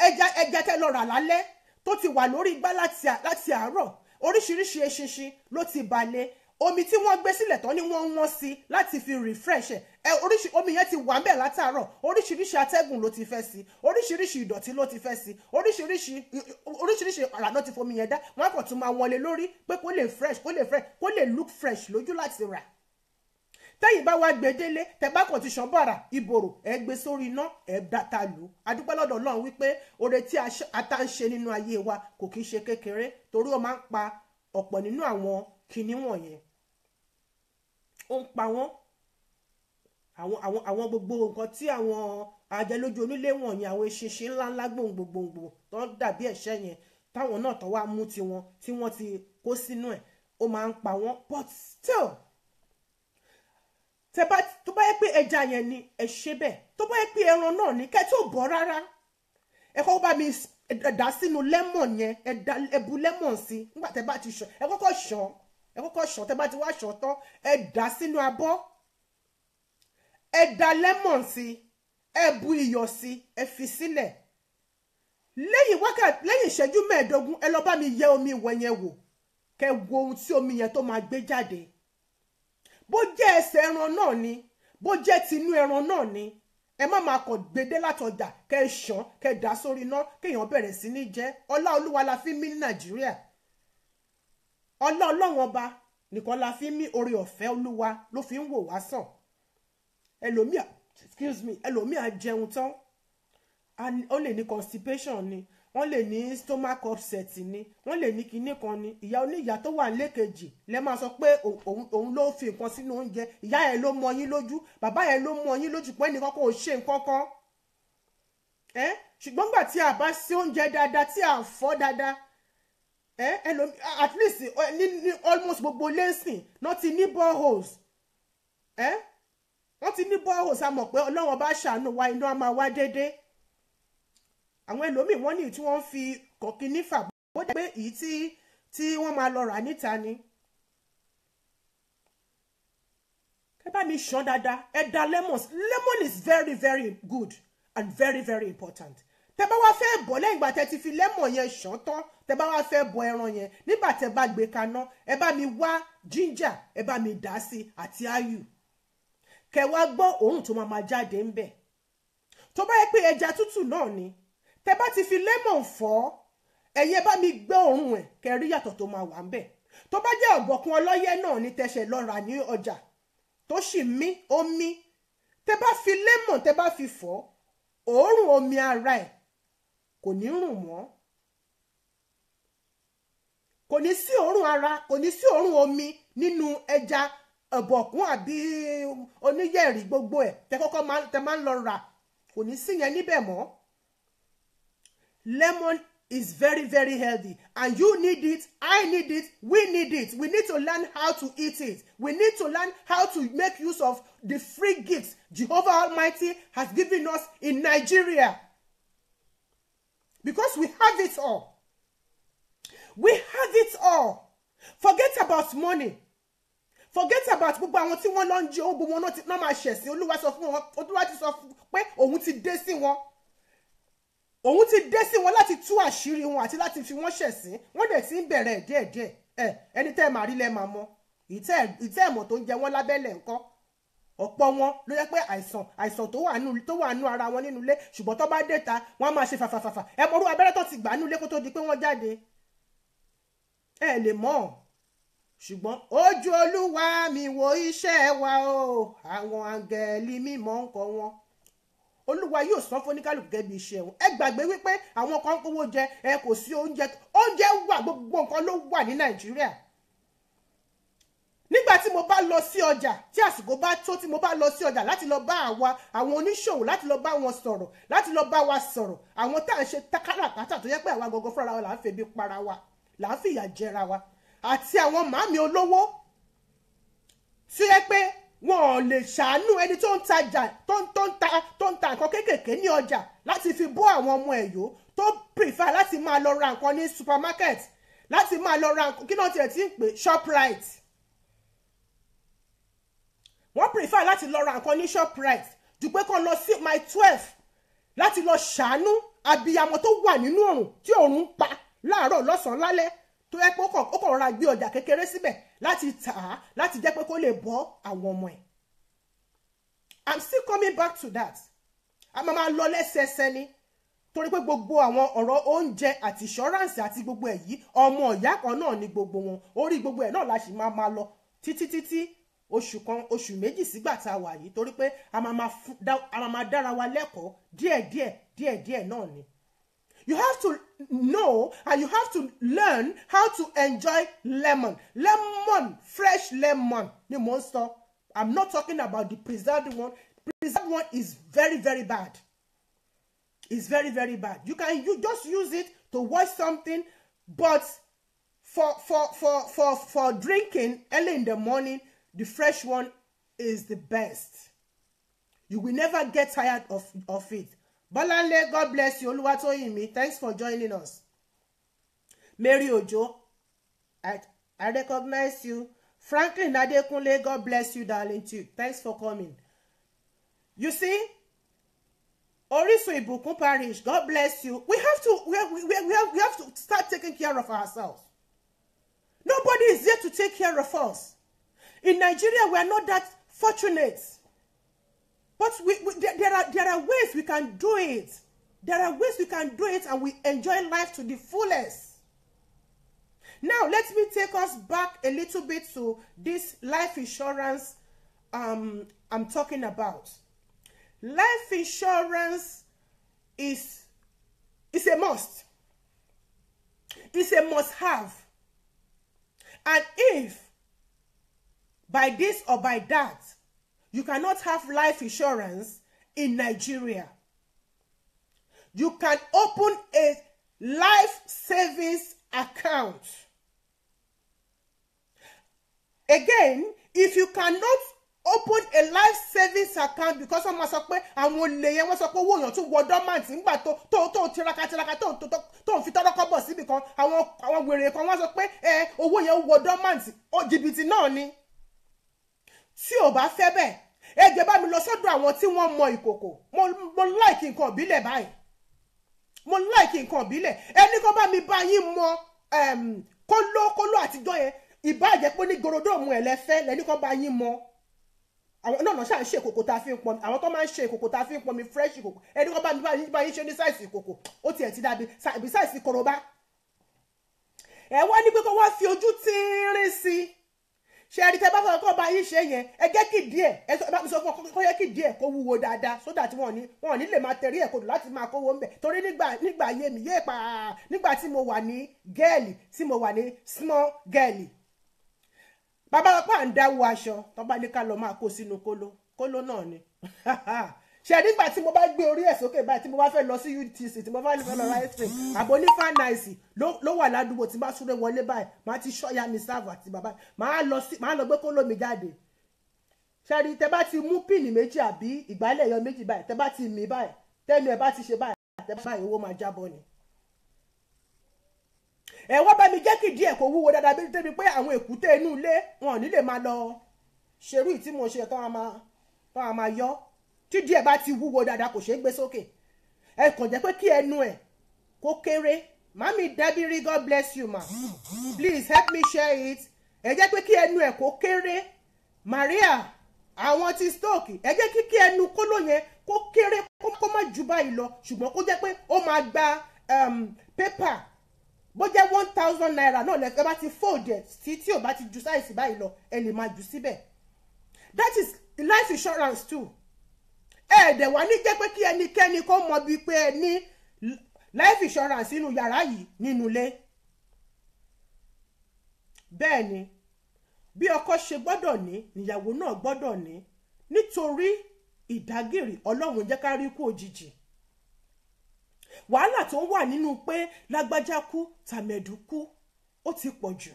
ẹja ẹja tẹ lọ rà lálẹ́ tó ti wà lórí igbá láti àárọ̀ oríṣiríṣi eṣinṣin ló ti balẹ̀ omi tí wọ́n gbé sílẹ̀ tán ni wọ́n wọ́n sí láti fi refresh ẹ̀ oríṣi omi yẹn ti wà ń bẹ̀ látàárọ̀ oríṣiríṣi atẹ́gùn ló ti fẹ́ sí oríṣiríṣi ìdọ̀tí ló ti fẹ́ sí oríṣiríṣi oríṣiríṣi àrà náà ti fomi yẹn dá wọ́n kàn tún máa wọlé lórí pé kó lè fresh kó lè fresh kó lè look fresh lójú láti rà tẹ́yìn bá wá gbedele tẹ̀bá kan ti ṣàn bàrà ìbòrò ẹ gbé sórí iná ẹ dáta lù adúpẹ́ lọ́dọ̀ Ọlọ́run wípé oore tí ata ń ṣe nínú ayé wa kò kí ń ṣe kékeré torí ó máa ń pa ọ̀pọ̀ nínú àwọn kinní wọ̀nyẹn ó ń pa wọ́n àwọn àwọn àwọn gbogbo nǹkan tí àwọn ajẹlójú onílé wọ̀nyẹn àwọn eṣinṣin ńláńlá gbòǹgbòǹgbò tó ń dàbí ẹ̀ṣẹ́ yẹn táwọn náà tó wá mú tiwọn tí wọ́n ti kó sínú ẹ̀ ó máa ń pa wọ́n but still tẹ bá tó bá yẹ pé ẹja yẹn ni ẹ ṣe bẹ́ẹ̀ tó bá yẹ pé ẹran náà ni kẹ́ tí ò bọ́ rárá ẹ kọ́kọ́ bá mi dà sínú lẹ́mọ̀n yẹn ẹ bu lẹ́mọ̀n sí nígbà tẹ bá ti ṣàn ẹ kọ́kọ́ ṣàn ẹ kọ́kọ́ ṣàn tẹ bá ti wá ṣàn tán ẹ dà sínú abọ́ ẹ dà lẹ́mọ̀n sí ẹ bu iyọ̀ sí ẹ fi sílẹ̀ lẹ́yìn wákàtí lẹ́yìn ìṣẹ́jú mẹ́ẹ̀ẹ́dógún ẹ lọ bá mi yẹ omi ìwẹ̀ yẹn wò kẹ́ wo ohun tí omi yẹn tó máa gbé jáde bó jẹ́ ẹsẹ̀ ẹran náà ni bó jẹ́ tinú ẹran náà ni ẹ má máa kọ̀ gbédé látọjà kẹ́ ẹ ṣàn kẹ́ ẹ dá sórí iná kéèyàn bẹ̀rẹ̀ sí ní jẹ ọlá olúwa la fi mí ní nàìjíríà ọlá ọlọ́run ọba nìkan la fi mí oore ọ̀fẹ́ olúwa ló fi ń wò wá sàn ẹlòmíà excuse me ẹlòmíà jẹun tán ó lè ní constipation ni wọ́n lè ní stomach upset ni wọ́n lè ní kinní kan ni ìyá oníyà tó wà lẹ́kejì lẹ́ máa sọ pé òun ló fi nǹkan sínú oúnjẹ ìyá ẹ̀ ló mọ yín lójú bàbá ẹ̀ ló mọ yín lójú pé ẹnìkan kò ṣe nǹkan kan ẹ ṣùgbọ́n gbà tí a bá ṣe oúnjẹ dáadáa tí a fọ́ dáadáa ẹ ẹlòmí at least ní ní almost gbogbo lẹ́sìn náà ti ní boreholes ẹ wọ́n ti ní boreholes a mọ̀ pé ọlọ́wọ́n bá ṣàánú wa iná a máa wá déédéé àwọn ẹlòmíì wọ́n ní tí wọ́n fi kọ̀kíní fà bó dẹ̀ pé èyí tí tí wọ́n máa lọ rà níta ni. ẹ bá mi ṣan dáadáa ẹ da lemons lemon is very very good and very very important tẹ bá wá fẹ́ bọ̀ lẹ́yìn ìgbà tẹ ti fi lemon yẹn ṣan tán tẹ bá wá fẹ́ bọ ẹran yẹn nígbà tẹ bá gbé kaná ẹ bá mi wá ginger ẹ bá mi dà á sí àti ayù kẹ wá gbọ́ tó máa máa jáde ń tó bá yẹ pé ẹja tútù náà ni tẹ bá ti fi lemon fọ́ ẹ̀yẹ bá mi gbe òórùn ẹ̀ kẹrí yàtọ̀ tó máa wà ń bẹ̀ tó bá jẹ́ ọ̀bọ̀kún ọlọ́yẹ náà ní tẹ̀sẹ̀ lọ́ra ní ọjà tó sì mí ó mí tẹ bá fi lemon tẹ bá fi fọ́ òórùn omi ara ẹ̀ kò ní rùn mọ́ kò ní sí òórùn ara kò ní sí òórùn omi nínú ẹja ọ̀bọ̀kún àbí oníyẹ̀rì gbogbo ẹ̀ tẹ kọ́kọ́ tẹ máa ń lọ rà kò ní sí yẹn níbẹ̀ mọ́ lemon is very very healthy and you need it i need it we need it we need to learn how to eat it we need to learn how to make use of the free gifts jehovah almighty has given us in nigeria because we have it all we have it all forget about money forget about gbogbo àwọn tí wọ́n lọ ń jẹ ogun wọn náà máa ṣẹ̀ sí olúwa sọ fún wọn pé òun ti dé sí wọn òun ti dé sí wọn láti tú àṣírí wọn àti láti fi wọn ṣẹ̀sín wọn dẹ̀ ti ń bẹ̀rẹ̀ díẹ̀díẹ̀ ẹ ẹni tẹ́ ẹ máa rí lẹ́ máa mọ ìtẹ́ ẹ̀mọ̀ tó ń jẹ wọ́n lábẹ́lẹ̀ ńkọ́ ọ̀pọ̀ wọn ló yẹ pé àìsàn àìsàn tó wà nù tó wà nù ara wọn nínú ilé ṣùgbọ́n tó bá dé ta wọ́n á máa ṣe fàfàfàfà ẹ mọ̀rú abẹ́rẹ́ tó ti gbà nù ilé kó tó di pé wọ́n jáde ẹ lè mọ̀ ṣùgbọ́n ojú olúwa mi wo iṣẹ́ wa o àwọn àǹgẹ̀lì mímọ́ ń wọn olúwa yóò san fún oníkálukú gẹ́gẹ́ bí iṣẹ́ wọn ẹ gbàgbé wípé àwọn kan kówó jẹ ẹ kò sí oúnjẹ oúnjẹ wà gbogbo nǹkan ló wà ní nàìjíríà nígbà tí mo bá lọ sí ọjà tí àsìkò bá tó tí mo bá lọ sí ọjà láti lọ bá àwa àwọn oníṣòwò láti lọ bá wọn sọ̀rọ̀ láti lọ bá wa sọ̀rọ̀ àwọn tá à ń ṣe káràkátà tó yẹ pé àwa gọgọ fúnra wa là ń febi para wa là ń fìyà jẹra wa àti àwọn màámi olówó tí ó yẹ pé wọn ò lè ṣàánú ẹni tó ń tajà tó ń tó ń ta tó ń ta nǹkan kéékèèké ní ọjà láti fi bọ́ àwọn ọmọ ẹ̀yọ́ tó prefer láti máa lọ ra nǹkan ní supermarket láti máa lọ ra nǹkan kí náà tiẹ̀ ti ń pè shoprite wọ́n prefer láti lọ ra nǹkan ní shoprite jù pé kó lọ sí my twelve láti lọ ṣàánú abiyamọ tó wà nínú òrùn tí òrùn pa láàárọ̀ lọ́sàn-án lálẹ́ tó yẹ pé ó kàn rọra gbé ọjà kékeré síbẹ̀ láti tà á láti jẹ́ pé kó lè bọ́ àwọn ọmọ ẹ̀ i'm still coming back to that a máa máa lọ lẹ́sẹẹsẹ ni torí pé gbogbo àwọn ọ̀rọ̀ oúnjẹ àti insurance àti gbogbo ẹ̀ yìí ọmọ ìyá kan náà ni gbogbo wọn orí gbogbo ẹ̀ náà la sì máa máa lọ títí títí oṣù kan oṣù méjì sígbà tá a wà yìí torí pé a máa máa dára wa lẹ́kọ̀ọ́ díẹ̀díẹ̀ díẹ̀díẹ̀ náà ni You have to know and you have to learn how to enjoy lemon. Lemon, fresh lemon ni mo ń sọ. I'm not talking about the preserved one. Preserved one is very, very bad. It's very, very bad. You can you just use it to wash something, but for for for for for drinking early in the morning, the fresh one is the best. You will never get tired of of it. Bolanle, God bless you. Oluwatoyimi, thanks for joining us. Mary Ojo, I, I recognize you. Franklin Adekunle, God bless you, darling, too. Thanks for coming. You see, Orisun Ibukun Parish, God bless you. We have to we we, we, have, we have to start taking care of ourselves. Nobody is there to take care of us. In Nigeria, we are not that fortunate. But we, we, there, there, are, there are ways we can do it. There are ways we can do it and we enjoy life to the fullest. Now, let me take us back a little bit to this life insurance um, I'm talking about. Life insurance is, is a must. It's a must-have. And if by this or by that, You cannot have life insurance in Nigeria. You can open a life savings account. Again, if you cannot open a life savings account because wọ́n máa sọ pé àwọn olè yẹn wọ́n sọ pé owó èèyàn tún wọ dormant nígbà tó tó tó tiraka tiraka tó tó tó fi tọ́rọ́kọ́ bọ̀ síbi kan àwọn àwọn wèrè kan wọ́n sọ pé ẹ owó yẹn wọ dormant jìbìtì náà ni tí ò bá fẹ́ bẹ́ẹ̀ ẹ jẹ́ bá mi lọ sọ́dọ̀ àwọn tí wọ́n mọ ìkòkò mo mo láìkì nǹkan ìbílẹ̀ báyìí mo láìkì nǹkan ìbílẹ̀ ẹni kan bá mi bá yín mọ kóló kóló àtijọ́ yẹn ìbàjẹ́ pé ní gorodomu ẹ̀ lẹ́fẹ́ lẹ́ni kan bá yín mọ àwọn náà náà ṣáà ń ṣe ìkòkò tá a fi ń pọnmi àwọn tó máa ń ṣe ìkòkò tá a fi ń pọnmi fresh ìkòkò ẹni kan bá mi bá yín ṣe ní sáìsì ìkòkò ó tiẹ̀ ti dàbí sáìsì korobá ẹ wá ní pé kó wá fi ojú tíírín sí i ṣe ẹni tẹ bá fọ kọ́ bá yín ṣe yẹn ẹ jẹ́ kí díẹ̀ ẹ bá mi sọ fún ọ kọ́ yẹ kí díẹ̀ kó wúwo dáadáa sódà tí wọn ní wọn ní lè máa tẹ̀rí ẹ̀ kodò láti máa kówó ńbẹ̀ torí nígbà nígbà ayé mi yé pa nígbà tí mo wà ní gẹ́ẹ̀lì tí mo wà ní small gẹ́ẹ̀lì. bàbá wa pa à ń dáwọ́ aṣọ tó bá ní ká lọ máa kó sínú kóló kóló náà ni [laughs] ṣe nígbà tí mo bá gbé orí ẹ̀ sókè báyìí tí mo bá fẹ́ lọ sí UTC tí mo bá fẹ́ lọ rice cream àbò ní fanaisi ló wà ládùúgbò tí bá súré wọlé báyìí máa ti ṣọ́ya mi sáàbù àti bàbá máa lọ sí máa lọ gbé kóló mi jáde ṣẹ́ni tẹ bá ti mú píìnì méjì àbí ìgbálẹ̀ ẹ̀yọ méjì báyìí tẹ bá ti mì báyìí tẹ́nu ẹ̀ bá ti ṣe báyìí tẹ báyìí owó máa jábọ́ ni. ẹ wọ́n bá mi jẹ́ kí díẹ̀ kó wúwo dáadáa bí débi pé àwọn èkúté inú ilé wọn ò ní lè máa lọ ṣerú ìtí mo ṣe tán a máa tí díẹ̀ bá ti wúwo dáadáa kò ṣeé gbé sókè ẹ kàn jẹ́ pé kí ẹnu ẹ̀ kó kéré mami debiri god bless you ma please help me share it ẹ jẹ́ pé kí ẹnu ẹ̀ kó kéré maria àwọn ti stoke ẹ jẹ́ kí kí ẹnu kóló yẹn kó kéré kó má ju báyìí lọ ṣùgbọ́n kó jẹ́ pé ó máa gba um, pépà bó jẹ́ one thousand naira náà lẹ́kẹ́ bá ti fold ẹ̀ sí tí ò bá ti ju sáìsì báyìí lọ ẹ lè máa jù síbẹ̀ that is life insurance too ẹ̀ẹ́dẹ̀ wá ní jẹ́ pé kí ẹnikẹ́ni kó mọ bíi pé ẹ life insurance nínú yàrá yìí nínú ilé bẹ́ẹ̀ ni bí ọkọ ṣe gbọ́dọ̀ ní ìyàwó náà gbọ́dọ̀ ní nítorí ìdágìrì ọlọ́run jẹ́ ká rí ikú òjijì wàhálà tó wà nínú pé lágbájá kú tàmẹ̀dù kú ó ti pọ̀ jù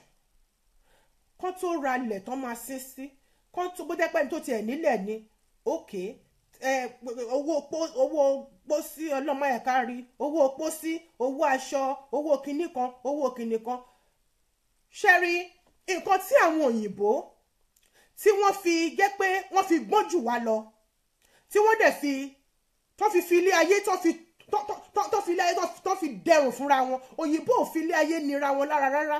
kán tó ra ilẹ̀ tán máa sín sí kán tó bó jẹ́ pẹ́ni tó tiẹ̀ nílẹ̀ ni ókè okay. owó owó pósí ọlọ́mọ ẹ̀ka rí owó pósí owó aṣọ owó kinní kan owó kinní kan ṣẹ́rí nǹkan tí àwọn òyìnbó tí wọ́n fi jẹ́ pé wọ́n fi gbọ́n jù wá lọ tí wọ́n dẹ̀ fi tó fi fi ilé ayé tó fi tó fi ilé ayé tó fi dẹrùn fúnra wọn òyìnbó ò fi ayé nira wọn lára rárá.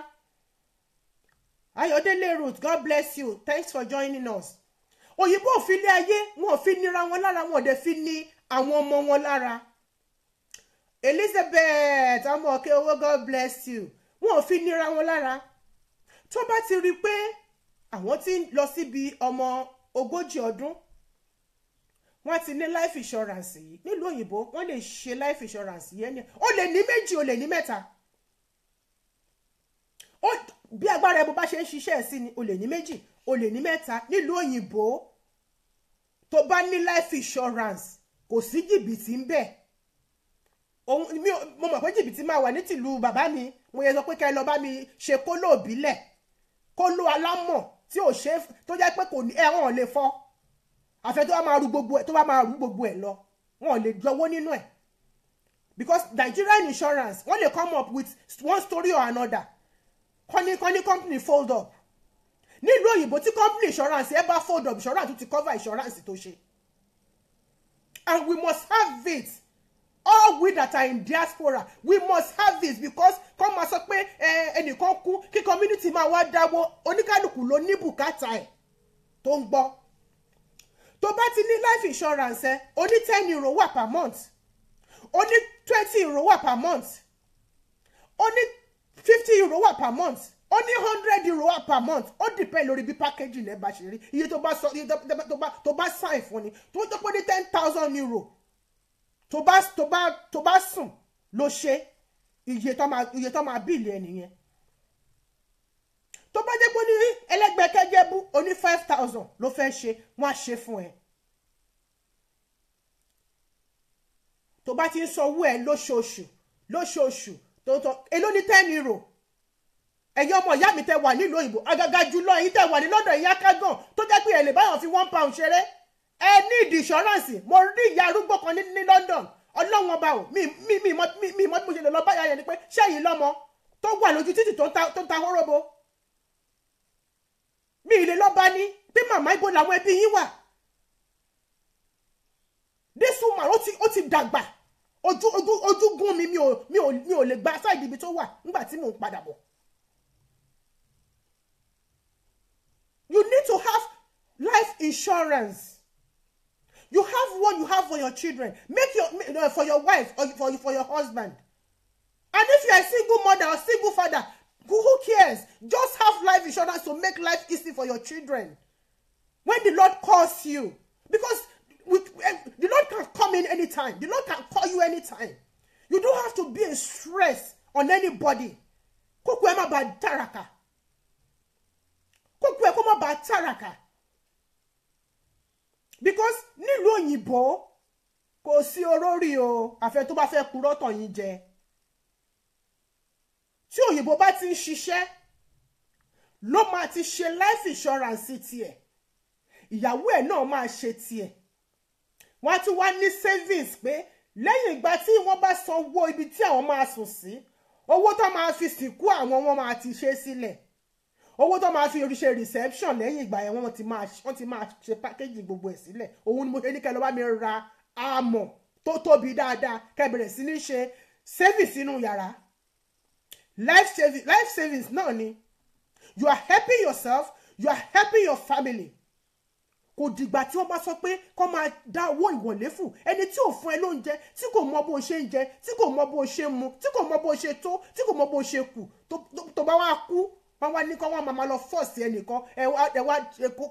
Ayọ̀délé Ruth God bless you thanks for joining us òyìnbó ò fi ilé ayé wọn ò fi nira wọn lára wọn ò dẹ̀ fi ni àwọn ọmọ wọn lára Elizabeth Amọ̀kẹ́ owó God bless you wọn ò fi nira wọn lára tó bá ti rí i pé àwọn ti ń lọ síbi ọmọ ogójì ọdún wọ́n ti ní life insurance yìí nílùú òyìnbó wọ́n lè ṣe life insurance yẹn ni o lè ní méjì o lè ní mẹ́ta bí agbára ẹbí bá ṣe ń ṣiṣẹ́ sí ni o lè ní méjì o lè ní mẹ́ta nílùú òyìnbó tó bá ní life insurance kò sí jìbìtì ń bẹ̀ òun mi mo mọ̀ pé jìbìtì máa wà ní tìlú bàbá mi mo yẹ sọ pé kẹ́ ẹ lọ bá mi ṣe kóló òbílẹ̀ kóló alámọ̀ tí ò ṣe tó jẹ́ pé kò ní ẹ̀wọ̀n ò lè fọ́ àfẹ́ tó bá máa rú gbogbo ẹ̀ tó bá máa rú gbogbo ẹ̀ lọ wọn ò lè jọwọ́ nínú ẹ̀ because Nigerian insurance wọ́n lè come up with one story or another kọ́ni kọ́ni company fold up nílùú òyìnbó tí company insurance ẹ bá fold up insurance tó ti cover insurance tó ṣe and we must have it all we that are in diaspora we must have this because kọ́ máa sọ pé ẹnìkan kú kí community máa wá dáwọ́ oníkálukú ló ní bùkátà ẹ̀ tó ń gbọ́ tó bá ti ní life insurance ẹ o ní ten euro wà per month o ní twenty euro wà per month o ní fifty euro wà per month ó ní hundred euro per month ó depend lórí bí package ilẹ̀ bá ṣe rí iye tó bá sọ iye tó bá sign fún ni tó tó pé ní ten thousand euro tó bá tó bá tó bá sùn ló ṣe iye tó máa iye tó máa bíìlì ẹ nìyẹn tó bá jẹ́ pé ní ẹlẹ́gbẹ̀kẹ́jẹ́ bú oní five thousand ló fẹ́ ṣe wọ́n á ṣe fún ẹ. tó bá ti ń sanwó ẹ lóṣooṣù lóṣooṣù tó tán èló ní ten euro ẹ̀yin ọmọ ìyá mi tẹ wà nílùú òyìnbó àgàgà jùlọ èyí tẹ wà ní lọ́dọ̀ ìyá kágàn tó jẹ́ pé ẹ lè báyọ̀ fi one pound ṣeré ẹ ní ìdí ìṣọ́ránsì mo rí ìyá arúgbó kan ní London ọlọ́run ọba ò mi mi mọ bí mo ṣe lè lọ báyà yẹn ni pé ṣé èyí lọ́mọ tó wà lójú títì tó ń ta hóróbo mi ì mi lọ bá ní bí màmá ibo làwọn ẹbí yín wà this woman ó ti ó ti dàgbà ojú ojú ojú gún mi mi ò mi ò mi ò lè gba sáìdì ibi tó wà nígbà tí mò ń padà bọ̀. You need to have life insurance. You have one you have for your children. Make your uh, for your wife or for for your husband. And if you are a single mother or single father, who, who cares? Just have life insurance to make life easy for your children. When the Lord calls you, because with, eh, the Lord can come in anytime. The Lord can call you anytime. You don't have to be in stress on anybody. Kókó ẹ taraka má bàa tàràkà because nílùú òyìnbó kò sí orórí o àfẹ tó bá fẹ́ purọ́ tàn yín jẹ tí òyìnbó bá ti ń ṣiṣẹ́ ló máa ti ṣe life insurance tiẹ̀ ìyàwó ẹ̀ náà máa ṣe tiẹ̀ wọ́n á tún wá ní savings pé lẹ́yìn ìgbà tí wọ́n bá sanwó ibi tí àwọn máa sùn sí owó tó máa fi sìnkú àwọn wọn máa ti ṣe sílẹ̀. Si owó tó máa fi oríṣẹ́ reception lẹ́yìn ìgbà yẹn wọ́n ti máa wọ́n ti máa ṣe pákéjì gbogbo ẹ̀ sílẹ̀ òun ni mo ṣe ní kẹ́ lọ bá mi ra amọ̀ tó tóbi dáadáa kẹ́ bẹ̀rẹ̀ sí ní ṣe savings sínú yàrá life savings life savings náà ni you are helping yourself you are helping your family kò dìgbà tí wọ́n bá sọ pé kó máa dá owó ìwọlé fún ẹni tí ò fún ẹ lóúnjẹ tí kò mọ bó o ṣe ń jẹ tí kò mọ bó o ṣe ń mu tí kò mọ bó o ṣe tó tí kò mọ bó o ṣe kù tó bá wá kú wọ́n wá ní kọ́ wọ́n máa lọ fọ́ọ̀sì ẹnìkan ẹ wá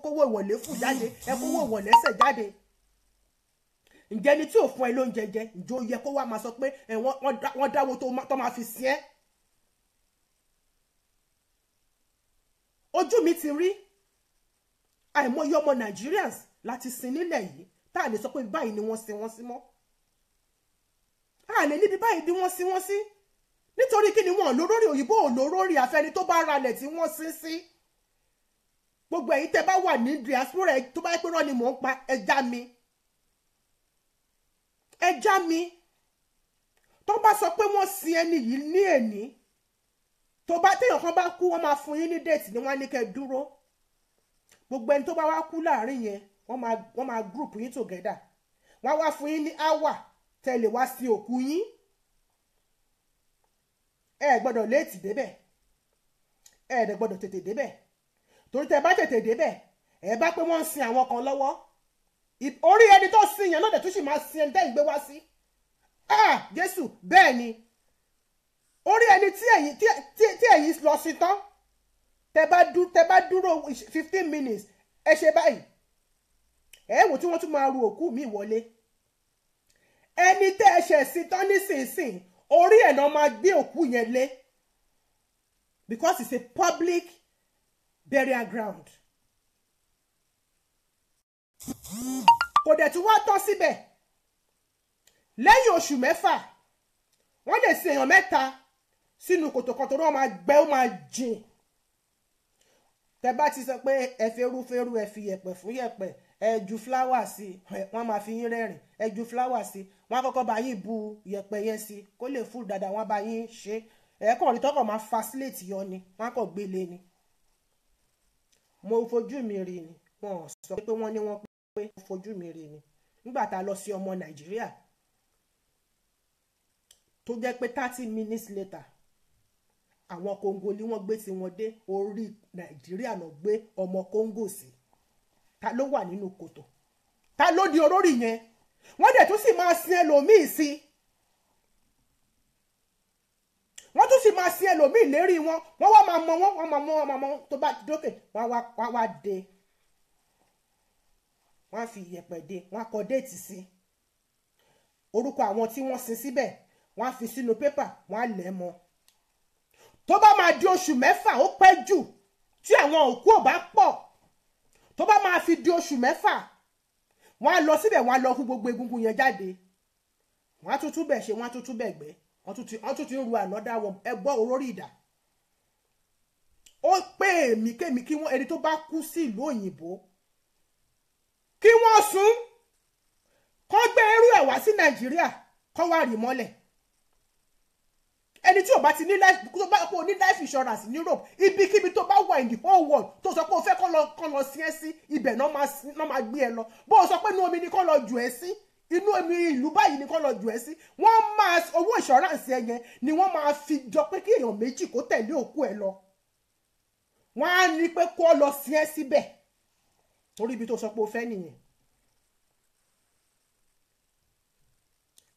kówó ìwọ̀lé fún jáde ẹ kówó ìwọ̀lé sẹ̀ jáde ǹjẹ́ ẹni tí ò fún ẹ lóúnjẹ jẹ ǹjẹ́ ó yẹ kó wá máa sọ pé wọ́n dáwó tó máa fi sin ẹ́ ojú mi ti rí àìmọye ọmọ Nigerians láti sin nílẹ̀ yìí tá à lè sọ pé báyìí ni wọ́n sin wọ́n sí mọ́ à lè níbi báyìí bí wọ́n sin wọ́n sí. Si nítorí kí ni wọn lórórí òyìnbó ò lórórí àfẹni tó bá ralẹ̀ tí wọ́n sin sí gbogbo èyí tẹ́ bá wà ní diaspora tó bá yẹ pé rọ́ọ̀ni mò ń pa ẹja mi ẹja mi tó bá sọ pé wọ́n sin ẹni yìí ní èní tó bá téèyàn kan bá kú wọ́n máa fún yín ní déètì ni wọ́n á ní kẹ́ dúró gbogbo ẹni tó bá wá kú láàrin yẹn wọ́n máa wọ́n máa group yín together wọ́n á wá fún yín ní hour tẹ́ lè wá sí òkú yín ẹ gbọ́dọ̀ léètì débẹ̀ ẹ dẹ̀ gbọ́dọ̀ tètè débẹ̀ torí tẹ bá tètè débẹ̀ ẹ bá pé wọ́n ń sin àwọn kan lọ́wọ́ orí ẹni tó sin yẹn náà dẹ̀ tún sì máa sin ẹni tẹ́ ìgbé wá sí ah Jésù bẹ́ẹ̀ ni orí ẹni tí èyí lọ sí tán tẹ bá dúró fifteen minutes ẹ ṣe báyìí ẹ wò tí wọ́n tún máa ru òkú mi wọlé ẹni tẹ́ ẹ ṣẹ̀ sí tán nísinsìnyí orí ẹ̀ náà máa gbé òkú yẹn lé because it's a public burial ground. kò dẹ̀ tún wá tán síbẹ̀ lẹ́yìn oṣù mẹ́fà wọ́n lè sin èèyàn mẹ́ta sínú kòtò kan tó náà máa gbẹ́ ó máa jìn tẹ́ bá ti sọ pé ẹ fẹ́rú fẹ́rú ẹ fi yẹ̀pẹ̀ fún yẹ̀pẹ̀ ẹ ju fúláwà sí wọ́n máa fi yín rẹ́rìn ẹ ju fúláwà sí wọ́n á kọ́kọ́ bá yín bu yẹ̀pẹ̀ yẹn sí kó lè fún dáadáa wọ́n bá yín ṣe ẹ̀ẹ́kàn rí tọkàn máa facilitate yọ ni wọ́n á kàn gbélé ni mo fojú mi rí ni wọn ò sọ pé wọ́n ní wọ́n pé mo fojú mi rí ni nígbà tá a lọ sí ọmọ nàìjíríà tó jẹ́ pé thirty minutes later àwọn kóńgò ni wọ́n gbé tiwọn dé orí nàìjíríà náà gbé ọmọ kóńgò sí ta ló wà nínú kòtò ta ló di olórí yẹn wọ́n dẹ̀ tún sì máa sin ẹlòmíì sí wọ́n tún sì máa sin ẹlòmíì lérí wọn wọ́n wá máa mọ wọn wọ́n máa mọ wọn máa mọ tó bá dókè wọ́n wá wá de wọ́n á fi iyẹ̀pẹ̀ de wọ́n á kọ déètì sí orúkọ àwọn tí wọ́n sin síbẹ̀ wọ́n á fi sínú pépà wọ́n á lẹ̀ mọ́ tó bá máa di oṣù mẹ́fà ó pẹ́ jù tí àwọn òkú ò bá pọ̀ tó bá máa fi di oṣù mẹ́fà wọ́n á lọ síbẹ̀ wọ́n á lọ fún gbogbo egungun yẹn jáde wọ́n á tún tún bẹ̀ ṣe wọ́n á tún tún bẹ̀ gbẹ́ wọ́n tún ti ń ru ànádá wọ ẹgbọ́ orórí ìdá ó pè mí kémi kí wọ́n ẹni tó bá kú sí ìlú òyìnbó kí wọ́n sún kó gbé irú ẹ̀ wá sí nàìjíríà kó wá rì mọ́lẹ̀ ẹni tí o bá ti ní life tó bá kó o ní life insurance ní Europe ibikíbi tó bá wà in the whole world tó sọ pé o fẹ́ kọ́ lọ kọ́ lọ sí ẹ sí ibẹ̀ náà máa gbé ẹ lọ bó o sọ pé inú omi ni kọ́ lọ jù ẹ sí inú omi ìlú báyìí ni kọ́ lọ jù ẹ sí wọ́n máa owó insurance ẹ yẹn ni wọ́n máa fi jọ pé kí èèyàn méjì kó tẹ̀lé òkú ẹ lọ wọ́n á ní pé kó lọ sí ẹ síbẹ̀ torí ibi tó sọ pé o fẹ́ nìyẹn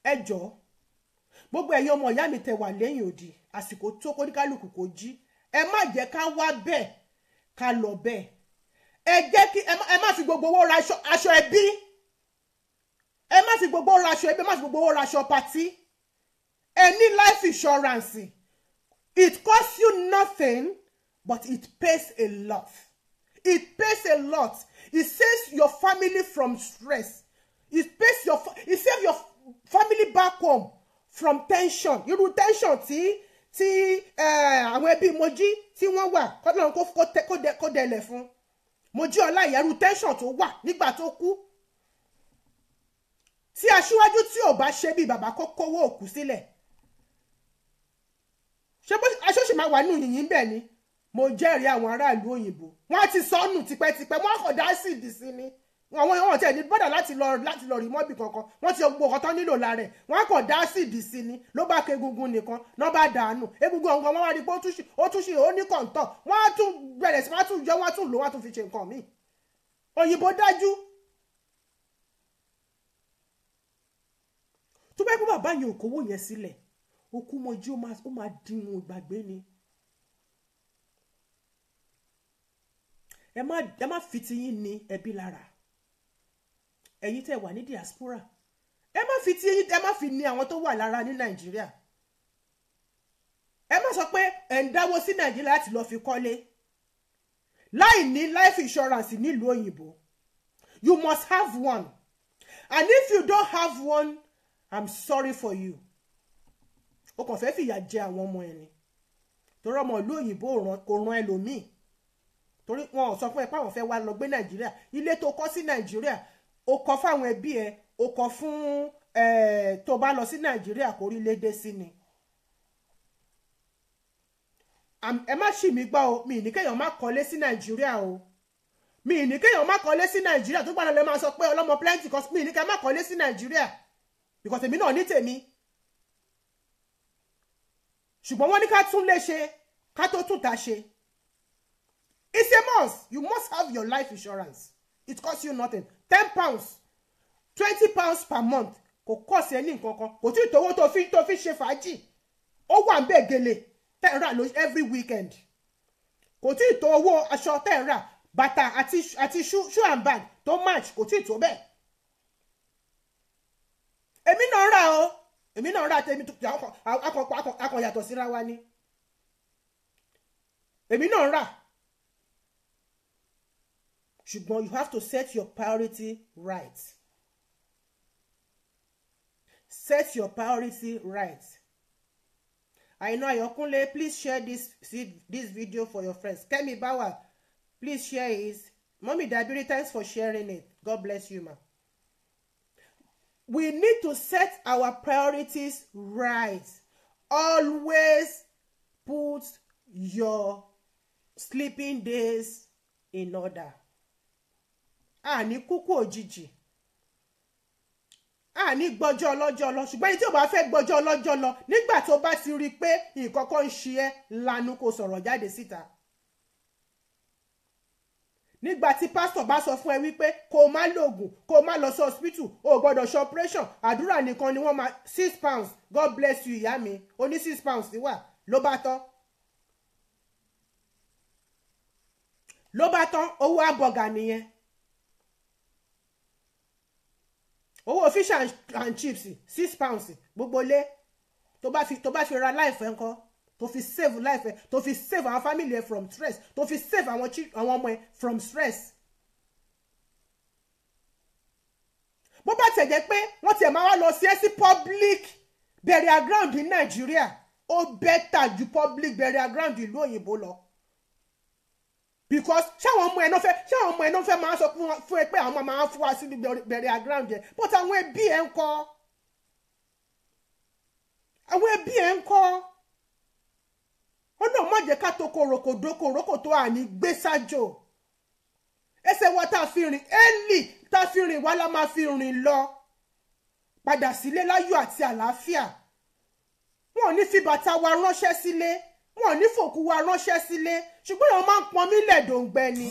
ẹ jọ̀ọ́ gbogbo ẹ̀yin ọmọ ìyá mi tẹ wà lẹ́yìn òdì àsìkò tó kó ní kálukú kó jí ẹ má jẹ́ ká wá bẹ́ẹ̀ ká lọ bẹ́ẹ̀ ẹ jẹ́ kí ẹ má fi gbogbo owó ra aṣọ ẹbí ẹ má fi gbogbo owó ra aṣọ ẹbí ẹ má fi gbogbo owó ra aṣọ patí ẹ ní life insurance it costs you nothing but it pays a lot it pays a lot it saves your family from stress it pays your it saves your family back home from tension irú tension tí tí eh, àwọn ẹbí Mojí tí wọ́n wà kọ́nà kó dẹlẹ̀ fún Mojí Ọláìyá irú tension tó wà nígbà tó kú tí aṣíwájú tí ò bá ṣe bí bàbá kó kówó òkú sílẹ̀ ṣé bó aṣọ́ṣe máa wà nínú yìnyín bẹ́ẹ̀ ni mo jẹ́rìí àwọn aráàlú òyìnbó wọ́n á ti sọnù tipẹ́tipẹ́ wọ́n á kọ̀ dá síìdì sí ni àwọn ọ̀hún tẹ̀ ní bọ́dà láti lọ láti lọ rí mọ́bì kankan wọ́n ti gbogbo ọ̀kan tán nílò lára ẹ̀ wọ́n á kàn dá síìdì sí ni ló bá ke egungun nìkan náà bá dànù egungun ọ̀hún kan wọ́n wá rí pé ó tún ṣe ó ní kọ̀ǹtọ̀ wọ́n á tún bẹ̀rẹ̀ sí wọ́n á tún yọ wọ́n á tún lò wọ́n á tún fi ṣe nǹkan míì òyìnbó dájú tó bá yẹ kó bàbá yẹn òkòwò yẹn sílẹ̀ okú mọ́jú ó máa dìrun ìgbàgbé ni ẹ má fi tiyín ni ẹbí lára ẹ̀yin tẹ́ wà ní diaspora ẹ má fi ti ẹ̀yin ẹ má fi ní àwọn tó wà lára ní nàìjíríà ẹ má sọ pé ẹ̀ ń dáwó sí nàìjíríà láti lọ́ọ́ fi kọ́lé láì ní life insurance nílùú òyìnbó you must have one and if you don't have one i'm sorry for you o kàn fẹ́ fìyà jẹ àwọn ọmọ ẹni torí ọmọ ìlú òyìnbó kò ran ẹlòmíì torí wọn ò sọ fún ẹ pé àwọn fẹ́ wá lọ gbé nàìjíríà ilé tó kọ́ sí nàìjíríà o kọ fáwọn ẹbí ẹ o kọ fún ẹ tó bá lọ sí nàìjíríà kó rí léde sí ni ẹ má ṣì mí gbọ́ o mi ní kéèyàn má kọ́lé sí nàìjíríà o mi ní kéèyàn má kọ́lé sí nàìjíríà tó gbàdúrà lè máa sọ pé ọlọ́mọ plenty cos mi ní kéèyàn má kọ́lé sí nàìjíríà because èmi náà ní tèmi ṣùgbọ́n wọ́n ní ká tún lè ṣe ká tó tún ta ṣe it's a must you must have your life insurance it cost you nothing ten pounds twenty pounds per month kò cost ẹ ní nǹkan kan kò tí ì tówó tó fi tó fi ṣe fàájì ó wà ń bẹ́ẹ̀ gele tẹ́ ń rà lóṣù every weekend kò tí ì tó owó aṣọ tẹ́ ń rà bàtà àti àti shoe shoe and bag tó match kò tí ì tó bẹ́ẹ̀ èmi náà rà o èmi náà rà tèmi akọ̀yàtọ̀ síra wa ni èmi náà rà ṣùgbọ́n you have to set your priority right set your priority right Aina Ayokunle please share this this video for your friends Kemi Bawa please share it Mummy Dabiri thanks for sharing it God bless you ma. We need to set our priorities right. Always put your sleeping days in order àní kúkú òjijì àní gbọ́jọ́ ọlọ́jọ́ lọ ṣùgbọ́n èyí tí o bá fẹ́ gbọ́jọ́ ọlọ́jọ́ lọ nígbà tó bá ti rí i pé nǹkan kan ń ṣe ẹ́ lanu kó sọ̀rọ̀ jáde síta nígbà tí pásítọ̀ bá sọ fún ẹ wípé kó o má lòògùn kó o má lọ sí hospital o ò ṣe operation àdúrà nìkan ni wọ́n máa six pounds God bless you ìyá mi o ní six pounds ti wà ló bá tán ló bá tán owó àbọ̀gà nìyẹn owó official and chips six pounds gbogbo lé tó bá fi tó bá fi ra life ẹ ńkọ́ tó fi save life ẹ tó fi save our family ẹ from stress tó fi save àwọn àwọn ọmọ ẹ from stress. bó bá tẹ̀ jẹ́ pé wọ́n tiẹ̀ máa wá lọ sí ẹ public burial ground ní nàìjíríà ó bẹ́tà ju public burial ground ìlú òyìnbó lọ because ṣáwọn ọmọ ẹ náà fẹ́ ṣáwọn ọmọ ẹ náà fẹ́ máa sọ fún ẹ pé àwọn máa fún wa sí bẹ̀rẹ̀ àgíráǹdì ẹ but àwọn ẹbí ẹ ń kọ́ àwọn ẹbí ẹ ń kọ́ ọlọ́run má jẹ́ ká toko rokòdoko rokoto àní gbé sájò ẹsẹ̀ wa tá a fi rìn ẹ́lì tá a fi rìn wá la máa fi rìn lọ padà sílé láyọ̀ àti àlàáfíà wọn ò ní fi bàtà wa ránṣẹ́ sílé. Si wọn ò ní fòkú wa ránṣẹ́ sílé ṣùgbọ́n èèyàn máa ń pọn mí lẹ̀dọ̀ǹgbẹ ni.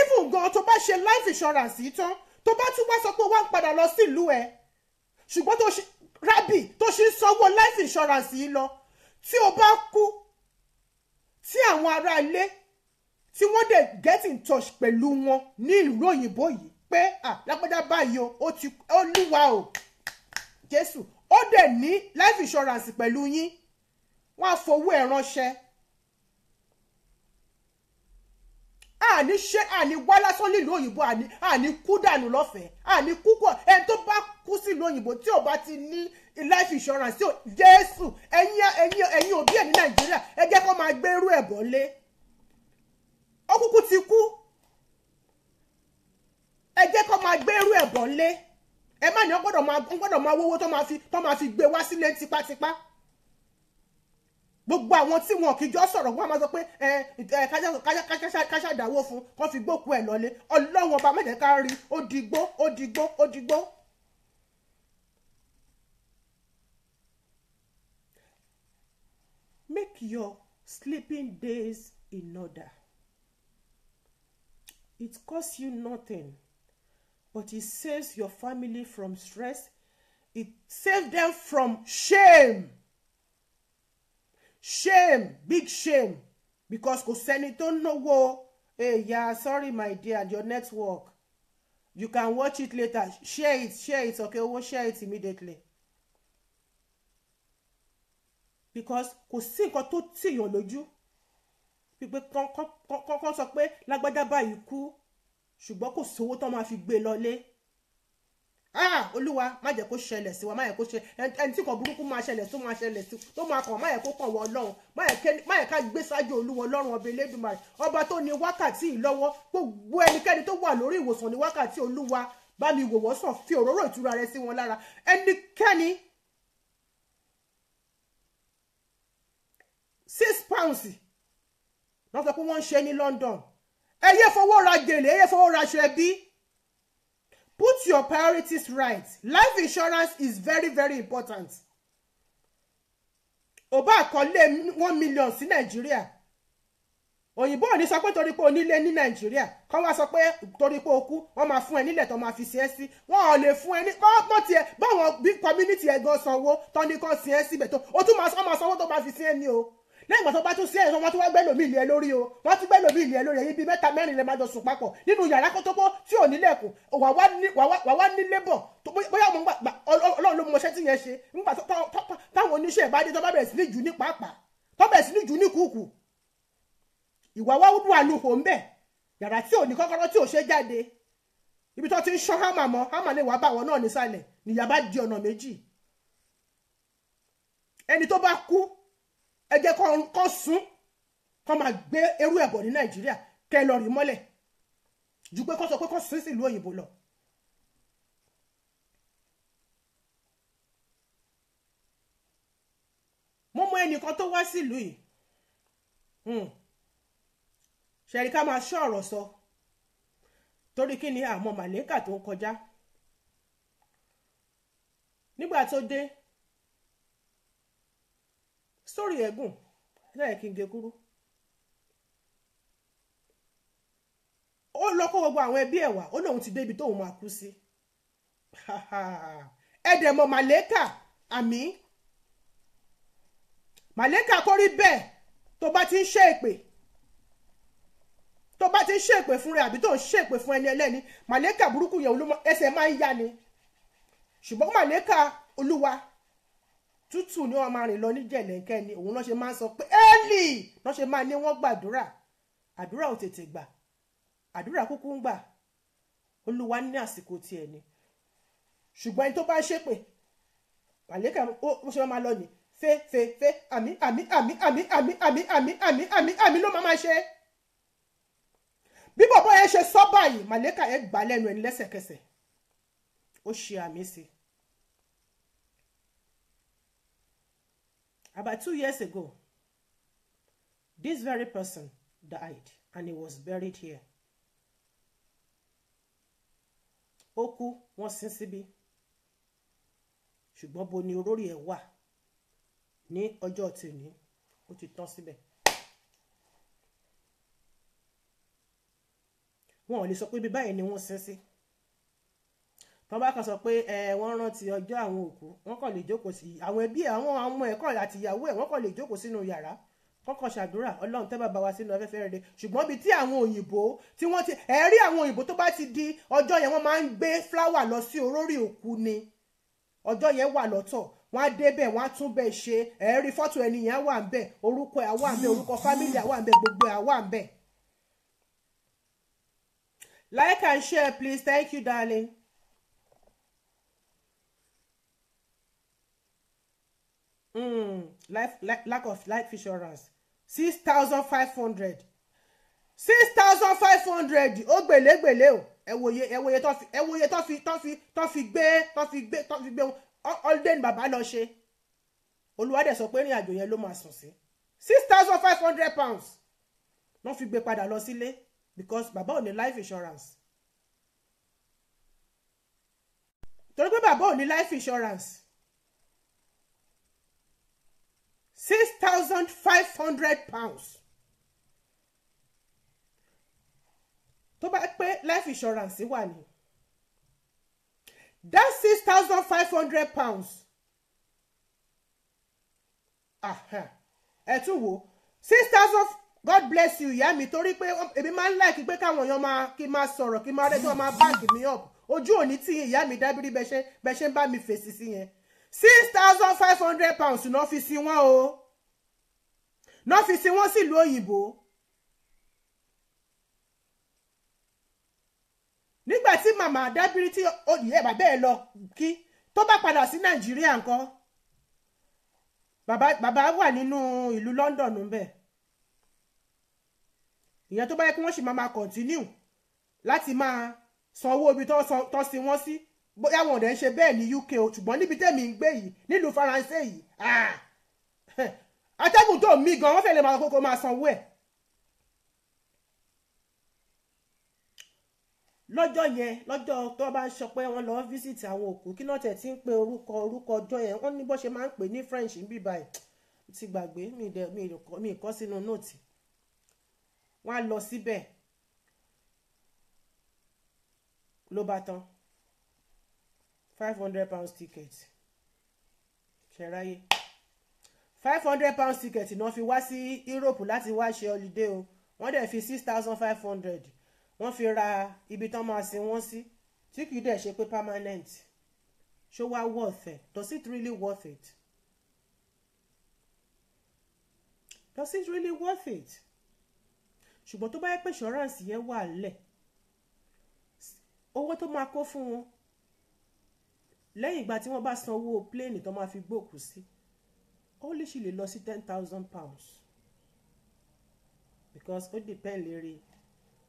even gan tó bá ṣe life insurance yìí tán tó bá tún wá sọ pé wá ń padà lọ sílùú ẹ ṣùgbọ́n tó ṣe rábì tó ṣe ń sanwó life insurance yìí lọ tí o bá kú tí àwọn ará ilé tí wọ́n dẹ̀ get in touch pẹ̀lú wọn ní ìlú òyìnbó yìí pé lápẹ́jà báyìí o ó lúwa o jésù ó dẹ̀ ní life insurance pẹ̀lú yín wọ́n á fowó ẹ̀ ránṣẹ́ àní ṣe àní wá lásán nílùú òyìnbó àní àní kú dànù lọ́fẹ̀ẹ́ àní kú kọ̀ ẹni tó bá kú sílùú òyìnbó tí ò bá ti ní life insurance tí ò jésù ẹ̀yin ẹ̀yin ẹ̀yin òbí ẹ̀ ní nàìjíríà ẹ jẹ́ kó máa gbérú ẹ̀ bọ́lé ó kúkú ti kú ẹ jẹ́ kó máa gbérú ẹ̀ bọ́lé ẹ má ní wọ́n gbọ́dọ̀ máa wọ́wọ́ tó máa fi gbé wá sílé tipátipá gbogbo àwọn tí wọn kìjọ sọ̀rọ̀ wọn máa sọ pé ẹ fún kó fi gbókù ẹ̀ lọ́lé ọlọ́run ọba mẹ́jẹ̀ ká rí ó digbó ó make your sleeping days in order it costs you nothing but it saves your family from stress it saves them from shame shame big shame because kò sẹ́ni tó náwó ẹ̀yà sorry my dear your network you can watch it later share it share it okay owó share it immediately because kò sí nǹkan tó tìyàn lójú pípé kọ́ńkọ́ńkọ́ sọ pé lágbájá báyìí kú ṣùgbọ́n kò sówó tán máa fi gbé lọlé ah olúwa má jẹ́ kó ṣẹlẹ̀ sí wa má yẹ kó ṣe ẹni tí kan burúkú máa ṣẹlẹ̀ tó máa ṣẹlẹ̀ sí tó máa kàn má yẹ kó kàn wọ ọlọ́run má yẹ ká gbé ṣáájú olúwa ọlọ́run ọba elédùnmarè ọba tó ní wákàtí ìlọ́wọ́ gbogbo ẹnikẹ́ni tó wà lórí ìwòsàn ní wákàtí olúwa bá mi wò wọ́n fi òróró ìtura rẹ sí wọn lára ẹnikẹ́ni six pounds wọ́n sọ pé wọ́n ń ṣe ní London ẹ yé fowó ra gèlè ẹ yé fowó ra aṣọ Put your priorities right. Life insurance is very, very important. Oba bá àkọlé one million sí Nigeria. Òyìnbó ni ní sọ pé torí pé o nílé ní Nàìjíríà. Kọ́ wá sọ pé torí pé o kú, máa fún ẹ nílẹ̀ tó máa fi sí ẹ sí. Wọ́n ò lè fún ẹ ní kọ́ tiẹ̀ báwọn bí community ẹ̀ gan sanwó tán ní kàn sí ẹ síbẹ̀ tó. O tún máa sanwó tó máa fi sí ẹ ní o lẹ́yìn ìgbà tó bá tún sí ẹ̀sán wọn tún wá gbẹ́lòmí ilé ẹ lórí o wọ́n tún gbẹ́lòmí ilé ẹ lórí ẹ̀yìn bíi mẹ́ta mẹ́rin lè máa jọ sùn papọ̀ nínú yàrá kótópó tí ò nílẹ̀kùn wà wá ní lébọ̀ bóyá ọmọ ọlọ́run ló mọ iṣẹ́ tí yẹn ṣe nígbà táwọn oníṣẹ́ ìbádé tó bá bẹ̀rẹ̀ sí ní jù ní pàápàá tó bẹ̀rẹ̀ sí ní jù ní kùkù ìwà wá wúdú àlùkò ń yàrá tí ò ní kọ́kọ́rọ́ tí ò ṣe jáde ibi tó ti ń ṣọ́ hámà mọ́ hámà lè wá báwọ̀ náà nísàlẹ̀ nìyà bá di ọ̀nà méjì ẹni tó bá kú ẹ jẹ́ kọ́ sún kọ́ máa gbé ẹrú ẹ̀bọ̀ ní nàìjíríà kẹ́ ẹ lọ rí mọ́lẹ̀ ju pé kọ́ sọ pé kọ́ sún sí ìlú òyìnbó lọ. mo mọ ẹnìkan tó wá sílùú yìí hmm. ṣẹ̀rí ká máa ṣọ́ ọ̀rọ̀ sọ torí kí ni àmọ́ màlẹ́kà tó ń kọjá nígbà tó dé sórí ẹ̀gùn lẹ́yìn kí n gé kúrú. ó lọ kó gbogbo àwọn ẹbí ẹ̀ wá ó lóun ti débi tóun máa kú sí. [laughs] ẹ̀dẹ̀ mọ̀ màlẹ́kà àmì màlẹ́kà kórí bẹ́ẹ̀ tó bá ti ń ṣe èpè tó bá ti ń ṣe èpè fún rẹ àbí tó ń ṣe èpè fún ẹni ẹlẹ́ni màlẹ́kà burúkú yẹn ẹsẹ̀ máa ń yá ni ṣùgbọ́n màlẹ́kà olúwa tútù ni wọ́n máa rìn lọ ní jẹ̀lẹ̀ńkẹ́ ni òun náà ṣe máa ń sọ pé éèlì náà ṣe máa ní wọ́n gbàdúrà àdúrà ò tètè gbà àdúrà kúkú ń gbà olúwa ní àsìkò tiẹ̀ ni ṣùgbọ́n ẹni tó bá ṣépè màlẹ́kà ó ṣe máa lọ ní fe fe fe àmì àmì àmì àmì àmì àmì àmì àmì àmì àmì ló máa ṣe bí bọ̀bọ̀ yẹn ṣe sọ báyìí màlẹ́kà yẹn gbà lẹ́nu ẹni lẹ́sẹ̀kẹsẹ̀ ó ṣe àmì sí i about two years ago this very person died and he was buried here Oku kú wọ́n sin síbí ṣùgbọ́n bo ni olórí ẹ̀ wà ní ọjọ́ tèmi o ti tán síbẹ̀ wọn ò lè sọ pé ibi báyìí ni wọ́n sin sí wọ́n bá kàn sọ pé ẹ wọ́n rántí ọjọ́ àwọn òkú wọ́n kàn lè jókòó sí àwọn ẹbí àwọn ọmọ ẹ̀kọ́ àti ìyàwó ẹ̀ wọ́n kàn lè jókòó sínú yàrá kọ́kọ́ ṣàdúrà ọlọ́run tẹ́ bàbá wa sínú afẹ́fẹ́ rere ṣùgbọ́n bíi tí àwọn òyìnbó tí wọ́n ti ẹ rí àwọn òyìnbó tó bá ti di ọjọ́ yẹn wọ́n máa ń gbé fúláwà lọ sí orórì òkú ni ọjọ́ yẹn wà lọ́tọ̀ wọ́n á débẹ̀ wọ́n á tún bẹ̀ ṣe ẹ rí fọ́tò ẹni wà ń bẹ̀ orúkọ ẹ̀ wà ń bẹ̀ orúkọ fámìlì wà ń bẹ̀ gbogbo ẹ̀ wà ń bẹ̀. Like and share please thank you darling. um, life, life lack of life insurance six thousand five hundred six thousand five hundred ó gbèlégbèlé o ẹ wòye ẹ wòye tó fi ẹ wòye tó fi tó fi tó fi gbé tó fi gbé tó fi gbé ọlọ́dẹ ni bàbá lọ ṣe olùwádẹ sọ pé ìrìn àjò yẹn ló máa sùn sí six thousand five hundred pounds wọ́n fi gbé padà lọ sílé because bàbá ò ní life insurance torí pé bàbá ò ní life insurance six thousand five hundred pounds tó bá pé life insurance wà ní that six thousand five hundred pounds ẹ tún wò six thousand god bless you ìyá mi torí pé èmi máa ń láìkí pé káwọn èèyàn máa kí máa sọ̀rọ̀ kí máa rẹ́ tí wọ́n máa báàgì mi up ojú òní tí ìyá mi dábìrì bẹ́ṣẹ́ bẹ́ṣẹ́ ń bá mi fèsì sí yẹn six thousand five hundred pounds náà fi sin wọ́n o náà fi sin wọ́n sílùú òyìnbó nígbà tí màmá dábìrì tí olùyẹ bàbá ẹ lọ kí tó bá padà sí nàìjíríà ńkọ́ bàbá bàbá wà nínú ìlú London níbẹ̀ ìyẹn tó bá yẹ kí wọ́n sì máa máa continue láti máa sanwó ibi tó sin wọ́n sí. Si bóyá wọn ò dẹ̀ ń ṣe bẹ́ẹ̀ ní UK o ṣùgbọ́n níbi tẹ́mi ń gbé yìí nílùú Faransé yìí ah, atẹ́gùn tó mí gan wọ́n fẹ́ lè máa kókó máa sanwó ẹ̀. lọ́jọ́ yẹn lọ́jọ́ tó bá ń sọ pé wọ́n lọ́ọ́ visit àwọn òkú kí náà tẹ̀ tí ń pe orúkọ orúkọ ọjọ́ yẹn wọ́n ní bó ṣe máa ń pè ní French ń bì báyìí ti gbàgbé mi ì kọ́ sínú nóòtì wọ́n á lọ síbẹ̀ ló bá tán five hundred pounds ticket ṣẹ̀ráyé five hundred pounds ticket náà fi wá sí Europe láti wá ṣe holiday o wọ́n dẹ̀ fi six thousand five hundred wọ́n fi ra ibi tán máa sin wọ́n sí tí kì í dẹ̀ ṣe pé permanent ṣó wá worth it does it really worth it does it really worth it ṣùgbọ́n tó bá yẹ pé insurance yẹn wà lẹ̀ owó tó máa kó fún wọn lẹ́yìn ìgbà tí wọ́n bá san owó pléènì tó máa fi gbòkú sí ó lè ṣì lè lọ sí ten thousand pounds because ó depend lérí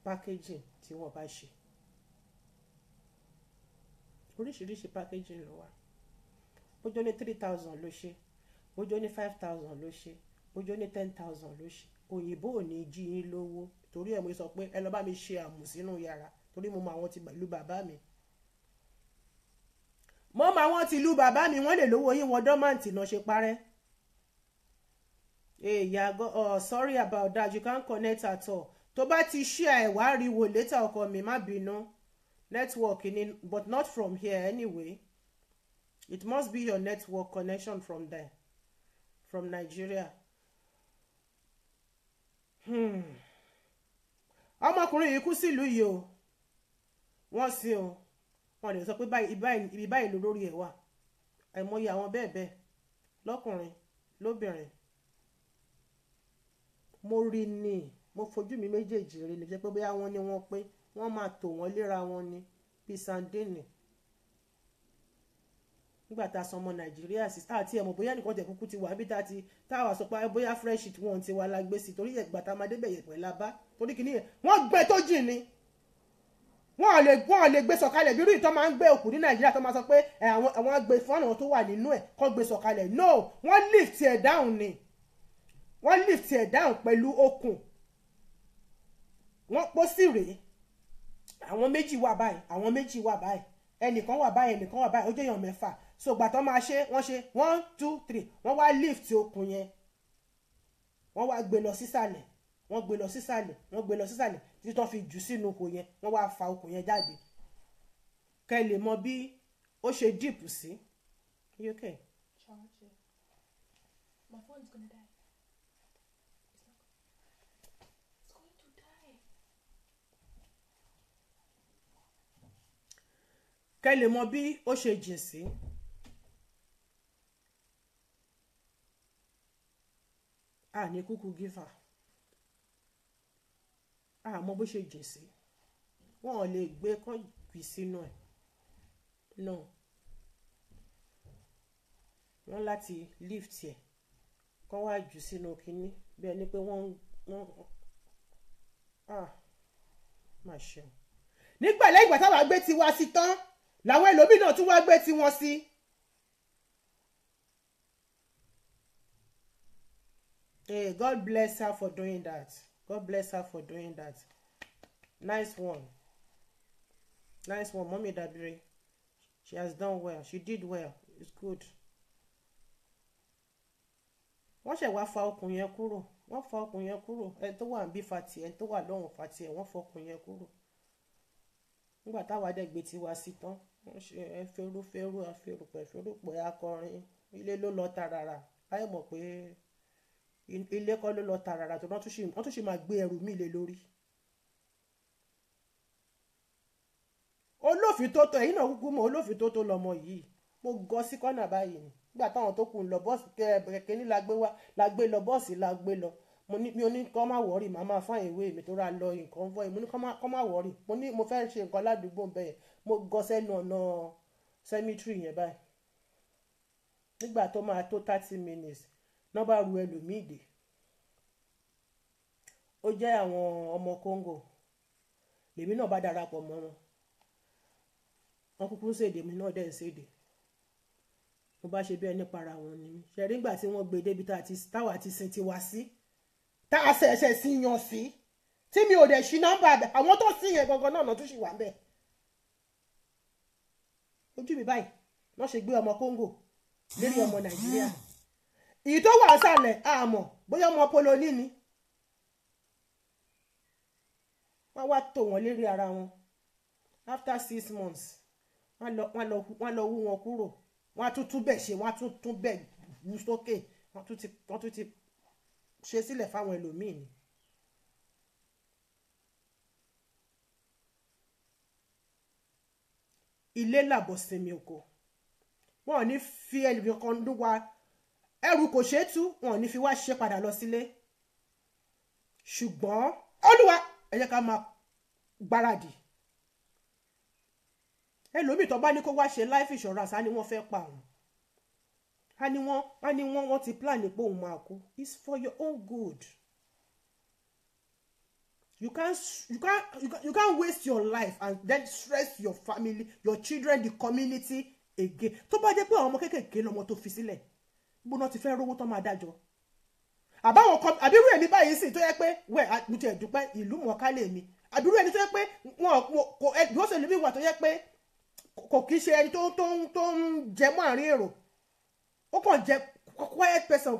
packaging tí wọ́n bá ṣe oríṣiríṣi packaging ló wà bójú ní three thousand ló ṣe bójú ní five thousand ló ṣe bójú ní ten thousand ló ṣe òyìnbó ò ní jí yín lówó torí ẹ̀ mo sọ pé ẹ lọ bá mi ṣe àmù sínú yàrá torí mo mọ àwọn ti ìlú bàbá mi mo máa wọ́n ti lu bàbá mi wọ́n lè lówó yín wọ́n dọ́màǹtì náà ṣe parẹ́. Eh, yeah, go, oh, sorry about that. You can't connect at all. To bá ti share ẹ̀ wá wo later ọkọ mi má bínú. Network ni but not from here anyway. It must be your network connection from there. From Nigeria. Hmm. Ọmọkùnrin yìí kú sílùú yìí o. Wọ́n sin o wọn lè sọ pé ibi báyìí ló lórí ẹ̀ wà àìmọye àwọn bẹ́ẹ̀ bẹ́ẹ̀ lọ́kùnrin lóbìnrin mo rí ni mo fojú mi méjèèjì rí ni jẹ́ pé bóyá wọ́n ní wọ́n pé wọ́n máa tò wọ́n léra wọn ni bíi sandini nígbà tá a sọ ọmọ nàìjíríà sí tá a tiẹ̀ mọ̀ bóyá nìkan tẹ̀ kúkú ti wà níbi tá a ti tá a wà sọ pé bóyá fresh it wọn ti wà lágbèsè torí ẹ̀gbà tá a máa débẹ̀ yẹ̀pẹ̀ la bá torí kìíní yẹn wọ́n gbẹ tó jìn ni wọn ò lè wọn ò lè gbé sọ̀kalẹ̀ bí irú ìtọ́ máa ń gbé òkú ní nàìjíríà tó máa sọ pé àwọn àwọn gbé fún àwọn tó wà nínú ẹ̀ kọ́ gbé sọ̀kalẹ̀ no wọ́n lift ẹ̀ down ni wọ́n lift ẹ̀ down pẹ̀lú okùn wọ́n pọ́ sí rèé àwọn méjì wà báyìí àwọn méjì wà báyìí ẹnìkan wà báyìí ẹnìkan wà báyìí ó jẹ́ èèyàn mẹ́fà so gbàtọ́ máa ṣe wọ́n ṣe one two three wọ́n wá lift okùn yẹn wọ́n wá gbé lọ sísàlẹ̀ wọ́n gbé lọ sísàlẹ̀ wọ́n gbé lọ sísàlẹ̀ títí tó fi jù sínú okùn yẹn wọ́n wá fa okùn yẹn jáde kẹ́ lè mọ bí ó ṣe díìpù sí. You okay? Charge it. My phone's gonna die. kẹ́ lè mọ bí ó ṣe jìn sí. a ní kúkú gífà àmọ́ bó ṣe jìn sí wọn ò lè gbé kán jù sínú ẹ̀ náà wọn láti lift ẹ̀ kán wá jù sínú kínní bí ẹni pé wọ́n wọ́n ah má ṣeun nígbà lẹ́yìn ìgbà táwa gbé tiwa sí tán làwọn ẹlòmíì náà tún wá gbé tiwọn sí. Hey, eh, God bless her for doing that. God bless her for doing that. Nice one. Nice one, Mommy Dabiri. She has done well. She did well. It's good. Wọ́n ṣẹ̀ wá fa okùn yẹn kúrò. Wọ́n fa okùn yẹn kúrò. Ẹni tó wà ń bí fa tiẹ̀, tó wà lọ́hùn fa tiẹ̀, wọ́n fa okùn yẹn kúrò. Nígbà táwa dẹ̀ gbé tiwa sí tán, wọ́n ṣe ẹfẹ́rúfẹ́rú, ẹfẹ́rúpẹ̀, ẹfẹ́rúpẹ̀ akọrin. Ilé ló lọ tààràrà. Báyọ̀ mọ̀ pé ilé kọ́ ló lọ tààràrà tó wọ́n tún ṣe máa gbé ẹrù míì lé lórí. olófin tó tó ẹ̀yin náà kúkú mọ̀ olófin tó tó lọ́mọ yìí mo gọ sí kọ́nà báyìí ni nígbà táwọn tó kù ń lọ bọ́ọ̀sì kẹ́kẹ́ ní la gbé wá la gbé lọ bọ́ọ̀sì la gbé lọ mo ní mi ò ní kọ́ má wọ́ọ̀rì màá máa fáyìn ìwé mi tó ra lọ nǹkan fọ́ ẹ̀ mo ní kọ́ má wọ́ọ̀rì mo ní mo fẹ́ ṣe nǹkan ládùúgbò bẹ́ẹ̀ mo gọ sẹ́nu ọ̀nà cemetery yẹn báyìí nígbà tó máa tó thirty minutes ná bá ru ẹlòmíì dè ó jẹ́ àwọn ọmọ Congo lèmi náà bá darapọ̀ mọ́ wọn wọn kúkú ń ṣèdè mi náà dẹ̀ ń ṣèdè mo bá ṣe bí ẹni para wọn ni mí ṣẹ̀rí ìgbà tí wọ́n gbé débi táwa ti sin tiwa sí tá a ṣẹ̀ṣẹ̀ sí yan sí tí mi ò dẹ̀ ṣí nọ́mbà àwọn tó sí yẹn gangan náà tún ṣì wà ń bẹ̀ ojú mi báyìí wọ́n ṣe gbé ọmọ Congo lérí ọmọ Nàìjíríà èyí tó wà sàlẹ̀ àmọ́ bóyá ọmọ poloní ni wọ́n wá tò wọ́n lérí ara wọn after six months wọ́n lọ wọ́n lọ wú wọn kúrò wọ́n á tún tún bẹ̀ ṣe wọ́n á tún tún bẹ̀ wú sókè wọ́n tún ti wọ́n tún ti ṣe sílẹ̀ fáwọn ẹlòmíì ni. ilé làbọ̀ sinmi oko wọn ò ní fi ẹnìkan ló wa ẹrù kò ṣeé tú wọn ò ní fi wá ṣe padà lọ sílé ṣùgbọ́n olúwa ẹ jẹ́ ká máa gbáradì ẹlòmíì tó bá ní kó wá ṣe life insurance á ní wọ́n fẹ́ pa àwọn á ní wọ́n á ní wọ́n wọ́n ti plan pé òun máa kú it's for your own good you can't you can't you can't, you can't waste your life and then stress your family your children the community again tó bá jẹ́ pé àwọn ọmọ kéékèèké lọ́mọ tó fi sílẹ̀. Si gbóná ti fẹ́ rówó tán máa dájọ́ àbáwọn kan àbírú ẹni báyìí sì tó yẹ pé wẹ mo ti ẹdùpẹ ìlú mọ̀ọ́ká lè mi àbírú ẹni tó yẹ pé wọn kò ẹgbẹ́ òṣèlú mi wà tó yẹ pé kò kì í ṣe ẹni tó ń jẹ mọ́ àárín èrò ó kàn jẹ quiet person